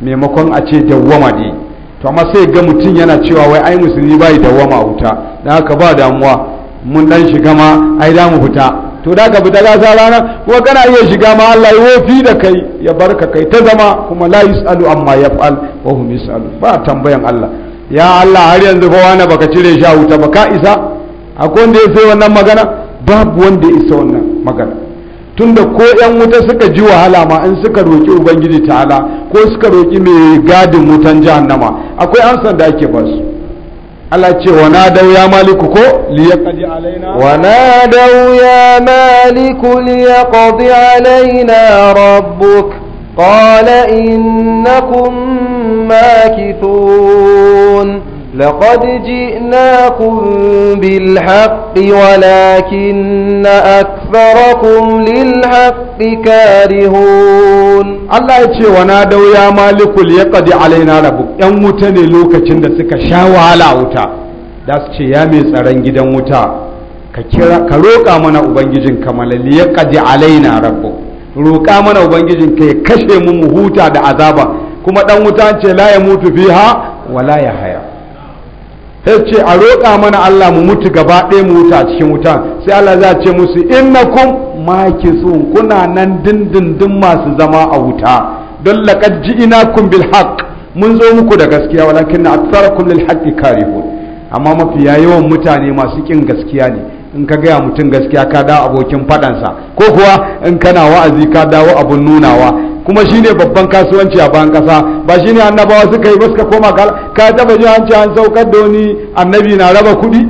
maimakon a ce dawwama dai to amma sai ga mutum yana cewa wai ai musulmi bai dawwama wuta da haka ba damuwa mun dan shiga ma ai da mu fita to da ka fita gasa rana kuma kana iya shiga ma Allah ya wofi da kai ya barka kai ta zama kuma la yusalu amma yaf'al wa hum yusalu ba tambayan Allah ya Allah har yanzu fa wani baka cire shi a wuta ba ka isa akwai wanda ya sai wannan magana babu wanda ya isa wannan magana tunda ko yan wuta suka ji wahala ma in suka roki ubangiji ta'ala ko suka roki mai gadin wutan jahannama akwai amsar da ake ba su Allah ce wa na ya maliku ko liyaqdi alaina wa na ya maliku liyaqdi alaina rabbuk qala innakum makithun لقد جئناكم بالحق ولكن أكثركم للحق كارهون الله يتشي ونادو يا مالك ليقضي علينا ربك يموتني لوكا تشند سكا شاو على وتا داس يا ميس أرنجي دم وتا كيرا كروكا منا أبنجين كمال ليقضي علينا ربك roƙa mana ubangijin ka ya ممهوتا mu mu huta da azaba kuma dan wuta ce la ya sai ce a roƙa mana Allah mu mutu gaba ɗaya mu wuta cikin wuta sai Allah za ce musu maki sun kuna nan dindindin masu zama a wuta don ji ina bil haƙ mun zo muku da gaskiya walakin na aktsarakum lil kare ku amma mafiya yawan mutane masu ƙin gaskiya ne in ka gaya mutum gaskiya ka dawo abokin faɗansa ko kuwa in kana wa'azi ka dawo abun nunawa kuma shine babban kasuwanci a bayan kasa ba shine annabawa suka yi ba suka koma ka taba ji an ce an saukar da wani annabi na raba kuɗi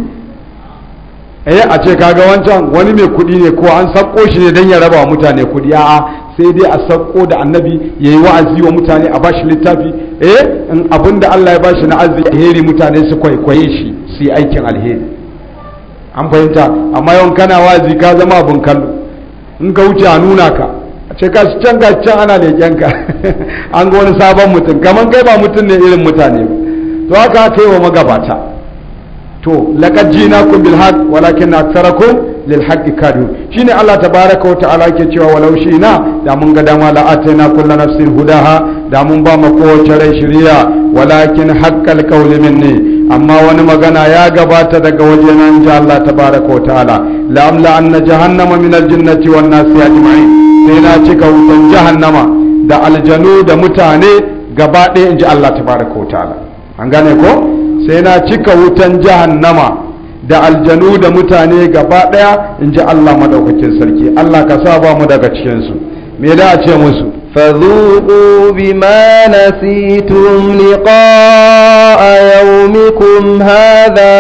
eh a ce kaga wancan wani mai kuɗi ne ko an sakko shi ne don ya raba wa mutane kuɗi a'a sai dai a sakko da annabi ya yi wa'azi wa mutane a bashi littafi eh in abin da Allah ya bashi na arziki alheri mutane su kwaikwaye shi su yi aikin alheri an fahimta amma yawan kana wa'azi ka zama abin kallo in ka wuce a nuna ka ce ka su can gashi can ana leƙenka (laughs) an ga wani sabon mutum kamar kai ba mutum ne irin mutane to haka ka yi wa magabata to laqad jinakum bil haqq walakin aktharakum lil kadu shi ne Allah ta wa ta'ala alaƙe cewa walau na da mun ga dama la'ata na kullu nafsin hudaha da mun ba ma kowace rai shirya walakin haqqal qawli ne amma wani magana ya gabata daga wajen nan Allah ta wa ta'ala la amla anna jahannama min al jinnati wan nasi sai na cika wutan nama da aljanu da mutane gaba ɗaya in ji Allah tabaraka wa ala an gane ko sai na cika wutan nama da aljanu da mutane gaba ɗaya in ji Allah maɗaukacin sarki Allah ka sa ba mu daga cikinsu me da a ce musu فذوقوا بما نسيتم لقاء يومكم هذا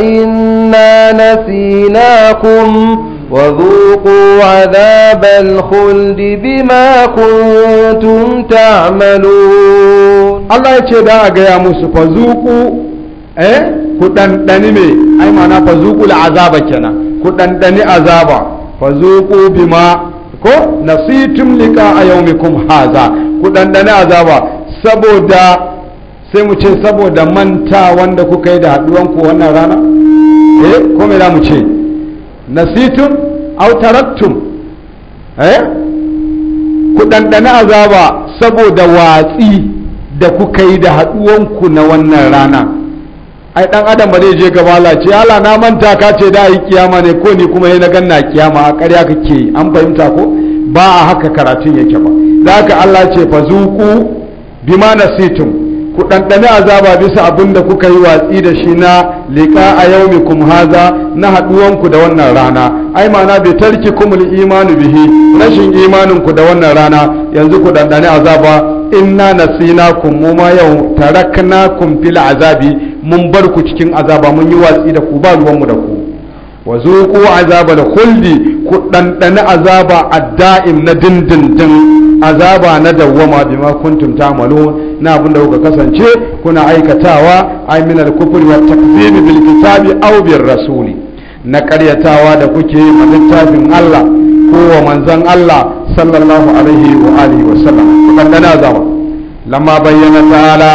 إنا نسيناكم وذوقوا عذاب الخلد بما كنتم تعملون الله يتشهد يا موسى فذوقوا eh ku ɗanɗani me ai mana fa zuƙu azaba kenan ku ɗanɗani azaba fa zuƙu bima ko nasitum liqa a yaumikum haza ku ɗanɗani azaba sai mu ce saboda manta wanda kuka yi da haɗuwanku wannan rana eh ko me mu ce nasitun autarattum eh? ku ɗanɗana azaba saboda watsi da kuka yi da ku na wannan rana ai ɗan adam ba zai je gaba lace ala na manta ka ce da yi kiyama ne ko ni kuma yi na ganna kiyama a ƙarya kake an fahimta ko ba a haka karatun yake ba za haka Allah ce fa zuku bima nasitum ku ɗanɗani azaba bisa abin da kuka yi watsi da shi na liƙa a yau kum haza na haɗuwanku da wannan rana ai ma'ana bai tarki kumul imanu bihi rashin imaninku da wannan rana yanzu ku ɗanɗani azaba inna nasinakum mu ma yau taraknakum fil azabi mun bar ku cikin azaba mun yi watsi da ku ba ruwanmu da ku wa zuqu da khuldi ku ɗanɗani azaba adda'im na dindindin azaba na dawwama bima kuntum ta'malun na abin da kuka kasance kuna aikatawa ay min al-kufr wa takzib bil kitabi aw rasuli na karyatawa da kuke yi littafin Allah ko wa manzon Allah sallallahu alaihi wa alihi wa sallam ku ɗanɗani azaba lamma bayyana ta'ala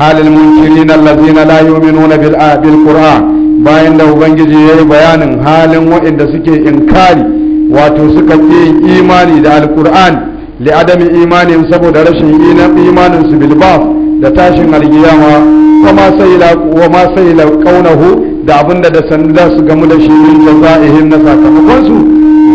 halil munkirin allazina la yu'minuna bil qur'an bayan da ubangiji ya yi bayanin halin waɗanda suke inkari wato suka ƙi imani da alkur'ani li'adami imanin saboda rashin imanin su bilbaf da tashin alkiyama wa ma sai la kaunahu da abinda da sanda su gamu da shi min jazaihim na sakamakon su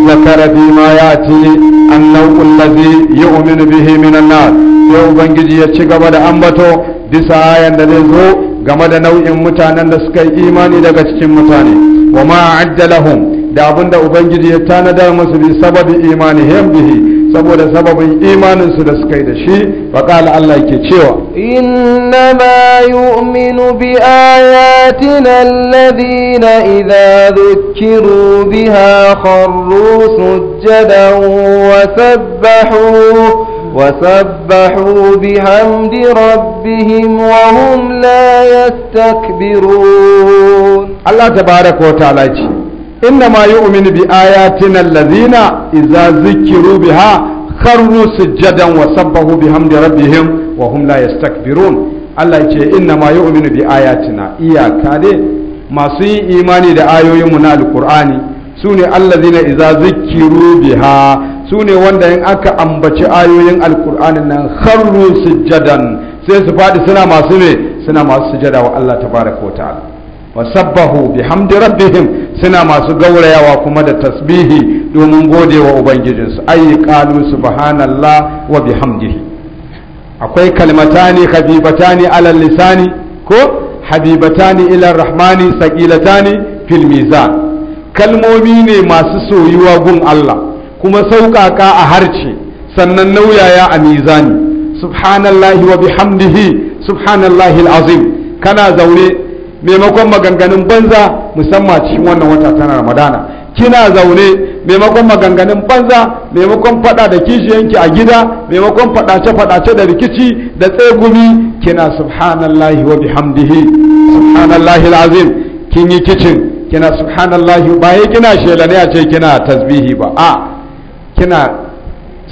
zakara bi ma yati annahu allazi yu'minu bihi min an-nar sai ubangiji ya ci gaba da ambato bisa ayan da zai zo game da nau'in mutanen da suka yi imani daga cikin mutane wa ma addalahum da abinda ubangiji ya tanada musu bi sababi imanihim bihi saboda sababin imanin su da suka yi da shi fa qala Allah yake cewa inna ma yu'minu bi ayatina alladhina idza dhukiru biha kharru sujjadan wa sabbahu وسبحوا بحمد ربهم وهم لا يستكبرون الله تبارك وتعالى إنما يؤمن بآياتنا الذين إذا ذكروا بها خروا سجدا وسبحوا بحمد ربهم وهم لا يستكبرون الله يقول إنما يؤمن بآياتنا إياك دي masu yin imani da ayoyinmu na alkur'ani su ne allazina iza zikiru biha su ne wanda in aka ambaci ayoyin alkur'anin nan kharru sujadan sai su faɗi suna masu ne suna masu sujada wa Allah tabaraka wa ta'ala wa sabbahu bihamdi rabbihim suna masu gaurayawa kuma da tasbihi domin godewa ubangijinsu ayi qalu subhanallah wa bihamdihi akwai kalmatani habibatani alal lisani ko habibatani ila rahmani saqilatani fil mizan kalmomi ne masu soyuwa gun Allah kuma sauƙaƙa a harce sannan nauyaya a mizani subhanallahi wa bihamdihi subhanallahi azim kana zaune maimakon maganganun banza musamman cikin wannan wata tana ramadana kina zaune maimakon maganganun banza maimakon fada da kishiyanki a gida maimakon fadace-fadace da rikici da tsegumi kina subhanallahi wa bihamdihi subhanallahi alazim kin yi kicin kina subhanallahi ba ya kina shelane a ce kina tasbihi ba a kina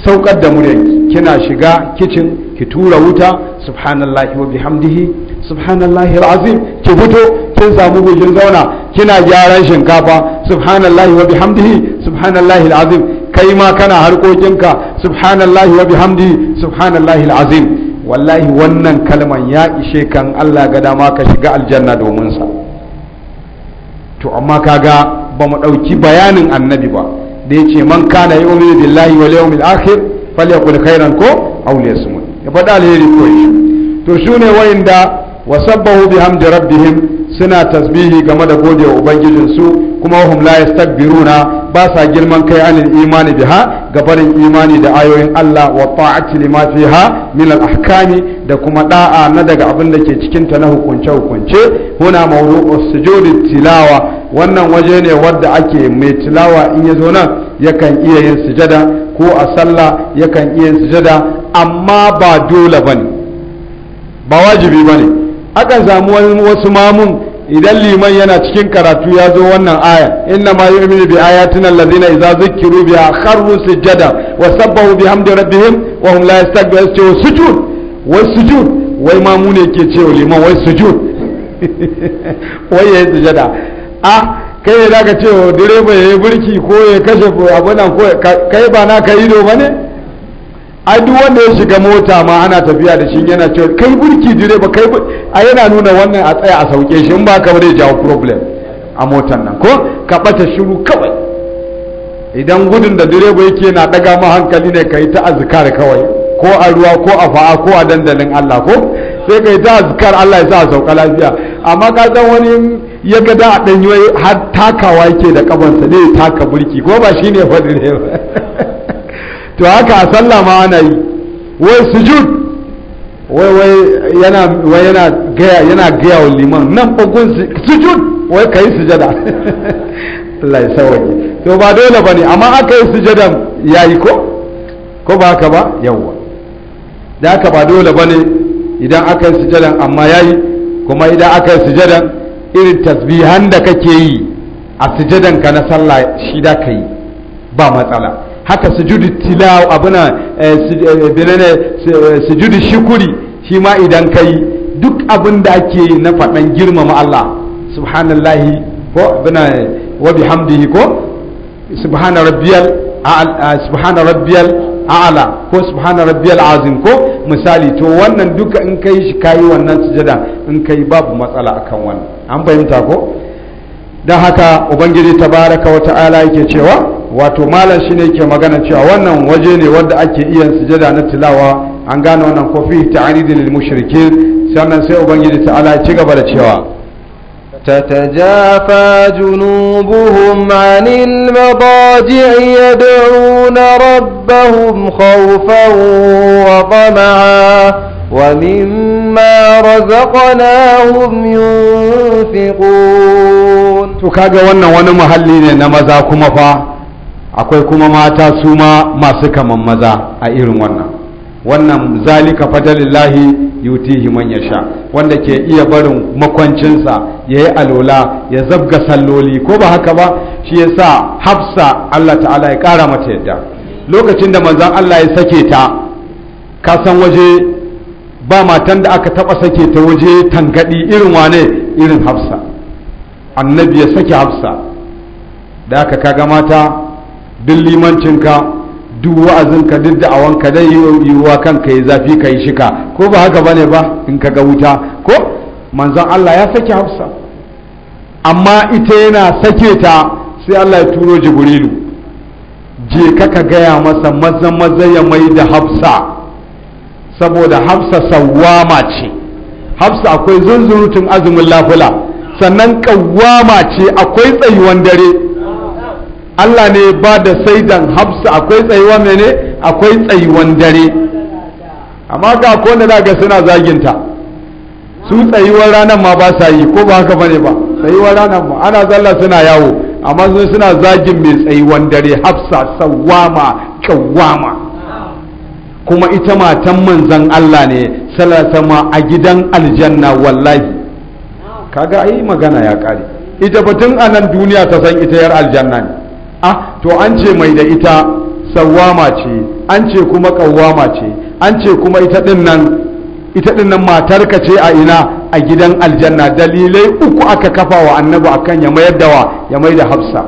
saukar da muryanki kina shiga kicin ki tura wuta subhanallahi wa bihamdihi subhanallahi alazim ki fito kin samu gujin zauna kina gyaran shinkafa subhanallahi wa bihamdihi subhanallahi alazim kai ma kana harkokinka subhanallahi wa bihamdihi subhanallahi alazim wallahi wannan kalman ya ishe kan Allah ga dama ka shiga aljanna domin sa to amma kaga ba mu ɗauki bayanin annabi ba da ya ce man kana yi umini billahi wal yawmil akhir falyakul khairan ko aw liyasmut ya faɗa alheri ko shi to shine wayanda wasabbahu bihamdi rabbihim suna tasbihi game da gode wa ubangijinsu kuma wahum la yastakbiruna ba sa girman kai anil imani biha ga barin imani da ayoyin Allah wa ta'ati lima fiha min al ahkami da kuma da'a na daga abin da ke cikin ta na hukunce hukunce huna mawdu'u sujudi tilawa wannan waje ne wadda ake mai tilawa in ya zo nan yakan iya yin sujada ko a sallah yakan iya yin sujada amma ba dole bane ba wajibi bane akan samu wasu mamun idan liman yana cikin karatu ya zo wannan aya inna ma yu'minu bi ayatin allazina idza zukkiru biha kharru sujada wa sabbahu bihamdi rabbihim wa hum la yastakbiru sujud wai sujud wai mamune ke cewa liman wai sujud (laughs) wai yayi sujada a kai ne za ka ce wa direba ya yi birki ko ya kashe abunan ko kai ba na ka ido ba ne ai duk wanda ya shiga mota ma ana tafiya da shi yana cewa kai birki direba kai a yana nuna wannan a tsaya a sauke shi in ba ka bare jawo problem a motar nan ko ka bata shiru kawai idan gudun da direba yake na daga ma hankali ne kai ta azkar kawai ko a ruwa ko a fa'a ko a dandalin Allah ko sai kai ta azkar Allah ya sa sauka lafiya amma ka san wani ya ga da ɗan yi har takawa yake da kabansa ne ya taka mulki ko ba ne faɗi ne ba (laughs) to haka sallah ma ana yi wai sujud wai wai yana wai yana gaya yana gaya wa liman nan bugun sujud wai kai sujada (laughs) Allah ya sauke to ba dole bane amma aka yi sujadan yayi ko ko ba haka ba yawa da aka ba dole bane idan aka yi sujadan amma yayi kuma idan aka yi sujadan irin tasbihan da kake yi a sujadanka na sallah shi da ka yi ba matsala haka sujudu tilawa abuna eh, eh, eh, sujudu shukuri shi ma idan ka yi duk abin da ake yi na faɗan girmama Allah subhanallahi ko abuna wa bihamdihi ko subhana rabbiyal subhana rabbiyal a'la ko subhana rabbiyal azim ko misali to wannan duka in kai shi kayi wannan sujada in kai babu matsala akan wannan an fahimta ko dan haka ubangiji tabaraka wa ta'ala yake cewa wato malam shine ke magana cewa wannan waje ne wanda ake iya sujada na tilawa an gane wannan kofi ta'anidi lil mushrikin sannan sai ubangiji ta'ala ya ci gaba da cewa تتجافى جنوبهم عن المضاجع يدعون يخشون ربهم خوفا وطمعا ومما رزقناهم ينفقون to kaga wannan wani muhalli ne na maza kuma fa akwai kuma mata su ma masu kaman maza a irin wannan wannan zalika fadalillahi yutihi man yasha wanda ke iya barin makwancinsa yayi alola ya zabga salloli ko ba haka ba shi sa hafsa Allah ta'ala ya kara mata yadda lokacin da manzan Allah ya sake ta ka waje ba matan da aka taɓa sake ta waje tangadi irin wane irin hafsa annabi ya sake hafsa da aka kaga mata duk limancinka duk wa'azinka duk da'awanka dai yiwuwa kanka ya zafi ka yi shika ko ba haka bane ba in ka ga wuta ko manzan Allah ya sake hafsa amma ita yana sake ta sai Allah ya turo jibrilu je kaka gaya masa maza maza ya mai da hafsa saboda hafsa sawama ce hafsa akwai zunzurutun azumin lafula sannan kawama ce akwai tsayuwan dare Allah ne ba da saidan hafsa akwai tsayuwa mene akwai tsayuwan dare amma ga ko da daga suna zaginta su tsayuwar ranar ma ba sa yi ko ba haka bane ba tsayuwar ranar ma ana zalla suna yawo amma sun suna zagin mai tsayi dare hafsa sawama kyawama kuma ita matan manzan Allah ne ma a gidan aljanna wallahi kaga ai magana ya kare ita batun a nan duniya ta san ita yar aljanna ne ah to an ce mai da ita sawama ce an ce kuma kawama ce an ce kuma ita din nan ita din nan matarka ce a ina a gidan aljanna dalilai uku aka kafa wa annabi akan ya mayar da wa ya mai da hafsa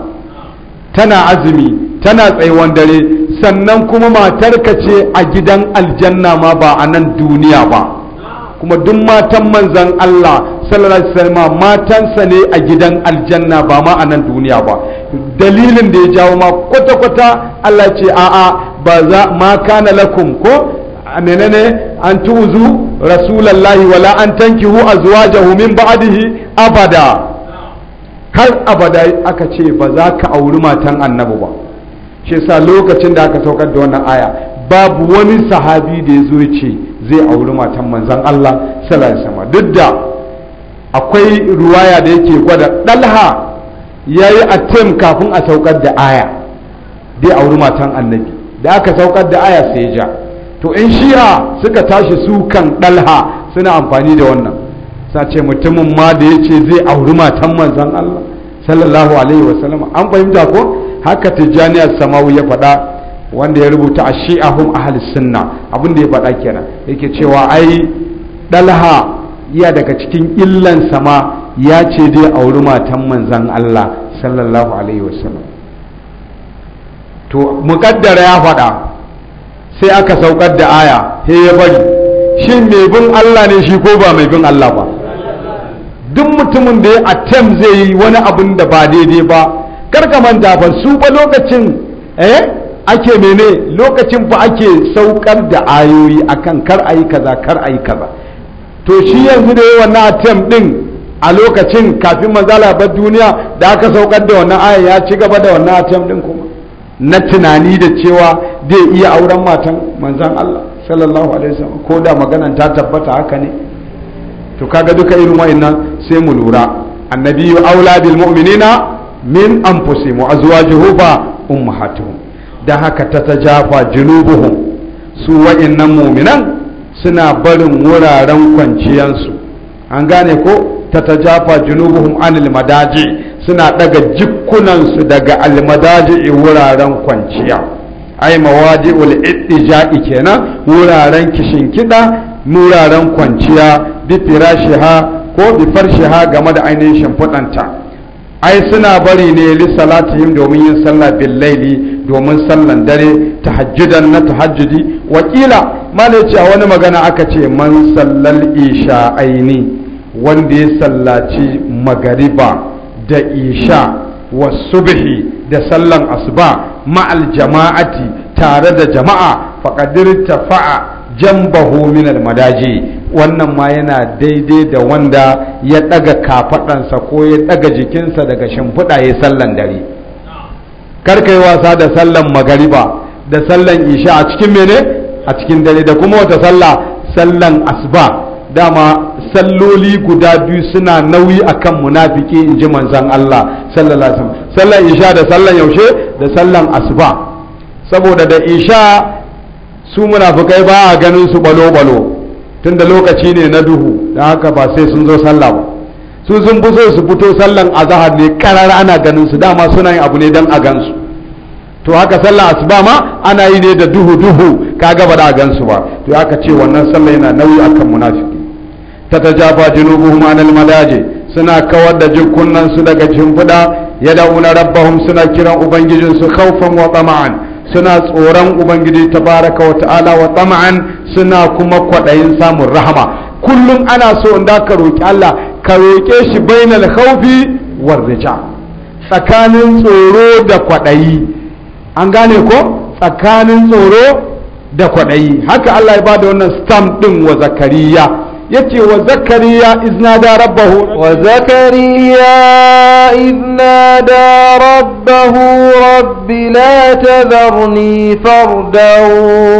tana azumi tana tsayuwan dare sannan kuma matarka ce a gidan aljanna ma ba a nan duniya ba kuma duk matan manzan Allah sallallahu alaihi wasallam matansa ne a gidan aljanna ba ma a nan duniya ba dalilin da ya jawo ma kwata-kwata Allah ce a'a ba za ma kana lakum ko menene an tuzu rasulallahi wala an tankihu azwajahu min ba'dihi abada har abada aka ce ba za ka auri matan annabi ba shi yasa lokacin da aka saukar da wannan aya babu wani sahabi da ya zo ce zai auri matan manzan Allah sallallahu alaihi duk da akwai ruwaya da yake gwada dalha yayi tem kafin a saukar da aya dai auri matan annabi da aka saukar da aya sai ya ja to in shi'a suka tashi su kan ɗalha suna amfani da wannan sa ce mutumin ma da ya ce zai auri matan manzan Allah sallallahu alaihi wasallam an fahimta ko haka tijjaniya samawi ya faɗa wanda ya rubuta a hum ahli sunna abin da ya faɗa kenan yake cewa ai ɗalha iya daga cikin illan sama ya ce zai auri matan manzan Allah sallallahu alaihi wasallam to muƙaddara ya faɗa sai aka saukar da aya he ya bari shin mai bin Allah ne shi ko ba mai bin Allah ba duk mutumin da ya atem zai yi wani abin da ba daidai ba karka manta fa su ba lokacin eh ake mene lokacin ba ake saukar da ayoyi akan kar ayi kaza kar ayi kaza to shi yanzu da yayi wannan attempt din a lokacin kafin manzala bar duniya da aka saukar da wannan aya ya ci gaba da wannan attempt din kuma na tunani da cewa zai iya auren matan manzan Allah sallallahu alaihi wasallam ko da maganan ta tabbata haka ne to kaga duka irin wayannan sai mu lura annabi aula bil mu'minina min anfusihim wa azwajuhu fa ummahatuhum dan haka ta tajafa junubuhum su wayannan mu'minan suna barin wuraren kwanciyansu an gane ko ta tajafa junubuhum anil madaji suna daga jikkunansu daga almadaji'i wuraren kwanciya ai mawadi'ul iddija'i kenan wuraren kishin kida wuraren kwanciya bi firashiha ko bi farshiha game da ainihin shimfiɗanta ai suna bari ne li salatihim domin yin sallah bil domin sallan dare tahajjudan na tahajjudi wakila malaci a wani magana aka ce man sallal isha aini wanda ya sallaci magariba da isha wa subhi da sallan asuba ma'al jama'ati tare da jama'a faƙadir tafa'a jambahu min madaji wannan ma yana daidai da wanda ya ɗaga kafaɗansa ko ya ɗaga jikinsa daga shimfiɗa ya sallan dare karka yi wasa da sallan magariba da sallan isha a cikin mene a cikin dare da kuma wata sallah sallan asuba dama salloli guda biyu suna nauyi akan munafiki in ji manzan Allah sallallahu alaihi sallan isha da sallan yaushe da sallan asuba saboda da isha su munafikai ba a ganin su balo balo tunda lokaci ne na duhu da haka ba sai sun zo sallah ba su sun fi so su fito sallan azahar ne karara ana ganin su dama suna yin abu ne don a gansu to haka sallan asuba ma ana yi ne da duhu duhu kaga ba da a gansu ba to aka ce wannan sallah yana nauyi akan munafiki tatajafa junubuhum anil madaji suna kawar da jinkunan su daga ya yad'una rabbahum suna kiran ubangijin su khawfan wa tama'an suna tsoron ubangiji tabaraka wa ta'ala wa tama'an suna kuma kwaɗayin samun rahama kullum ana so in da ka roƙi Allah ka roƙe shi bainal khawfi war rija tsakanin tsoro da kwaɗayi an gane ko tsakanin tsoro da kwaɗayi haka Allah ya bada wannan stamp din wa zakariya يتي وزكريا إذ نادى ربه وزكريا إذ نادى ربه رب لا تذرني فردا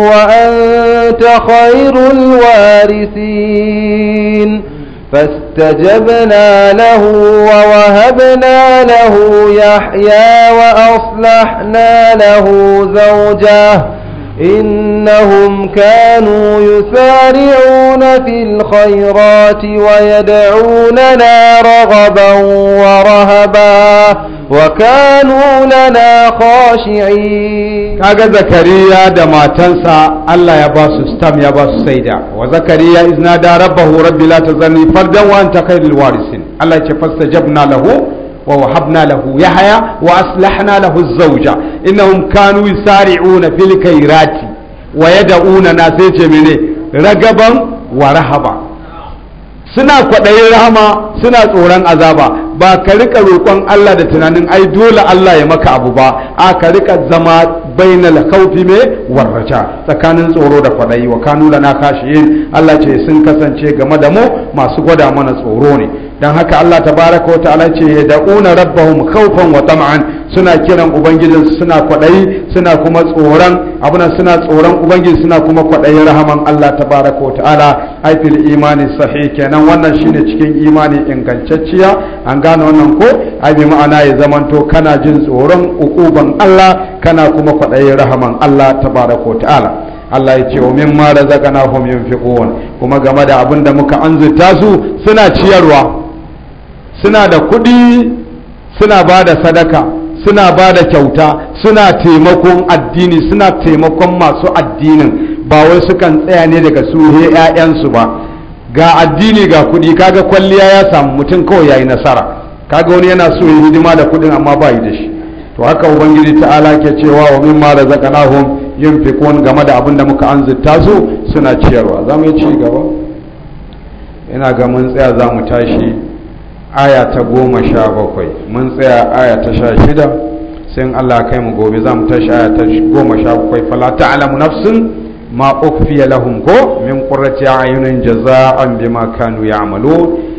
وأنت خير الوارثين فاستجبنا له ووهبنا له يحيى وأصلحنا له زوجه إنهم كانوا يسارعون في الخيرات ويدعوننا رغبا ورهبا وكانوا لنا خاشعين كاغا زكريا دما تنسى الله يباس استم يباس سيدا وزكريا إذ نادى ربه رب لا تذرني فردا وأنت خير الوارثين الله يتفسجبنا له ووهبنا له يحيى وأصلحنا له الزوجة إنهم كانوا يسارعون في ويدعون ويدعوننا سيجميني رغبا ورهبا suna kwaɗayin rahama suna tsoron azaba ba ka rika roƙon Allah da tunanin ai dole Allah ya maka abu ba a ka rika zama bainal kaufi me warraja tsakanin tsoro da kwaɗayi wa kanu lana kashiyin Allah ce sun kasance game da mu masu gwada mana tsoro ne dan haka Allah tabaraka ala ce ya da'una rabbahum khawfan wa tam'an suna kiran ubangijin suna kwadayi suna kuma tsoron abuna suna tsoron ubangiji suna kuma kwadayin rahaman Allah tabaraka wata'ala ai fil imani sahih kenan wannan shine cikin imani ingantacciya an gane wannan ko ai bi ma'ana ya zamanto kana jin tsoron ukuban Allah kana kuma kwadayin rahaman Allah wa ta'ala Allah ya ce wa mimma razaqnahum yunfiqun kuma game da abin da muka anzuta su suna ciyarwa suna da kuɗi suna ba da sadaka suna ba da kyauta suna taimakon addini suna taimakon masu addinin ba wai sukan tsaya ne daga su he 'ya'yansu ba ga addini ga kuɗi kaga kwalliya ya samu mutum kawai yayi nasara kaga wani yana so ya hidima da kuɗin amma ba yi da shi to haka ubangiji ta'ala ke cewa wa mimma razaqnahum yunfiqun game da abin da muka anzurta su suna ciyarwa za mu yi ci ina ga tsaya za mu tashi aya ta goma sha bakwai mun tsaya aya ta sha shida sai Allah kai mu gobe za mu tashi aya ta goma sha bakwai fala ta'lamu nafsin ma ukhfiya lahum ko min qurrati a'yunin jaza'an bima kanu ya'malun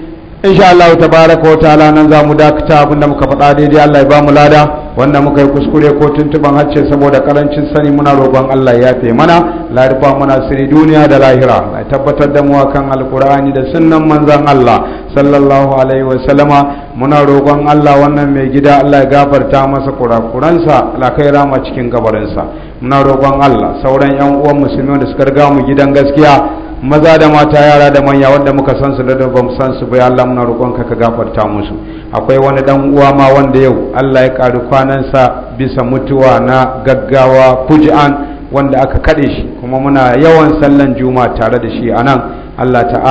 insha Allah tabaraka wa ta'ala nan za mu dakata abinda muka faɗa daidai Allah ya ba mu lada wanda muka yi kuskure ko tuntuban hacce saboda karancin sani muna roƙon Allah ya yafe mana larifa mana siri duniya da lahira a tabbatar da mu kan alkur'ani da sunnan manzan Allah sallallahu alaihi wa sallama muna roƙon Allah wannan mai gida Allah ya gafarta masa kurakuransa la kai rama cikin gabarinsa muna roƙon Allah sauran yan uwan musulmi da suka riga mu gidan gaskiya maza da mata yara da manya wanda muka san su da da bamu san su ya Allah muna roƙon ka gafarta musu akwai wani dan uwa ma wanda yau Allah ya kwanan sa bisa mutuwa na gaggawa fuji'an wanda aka kade shi kuma muna yawan sallan juma tare da shi anan Allah ta'ala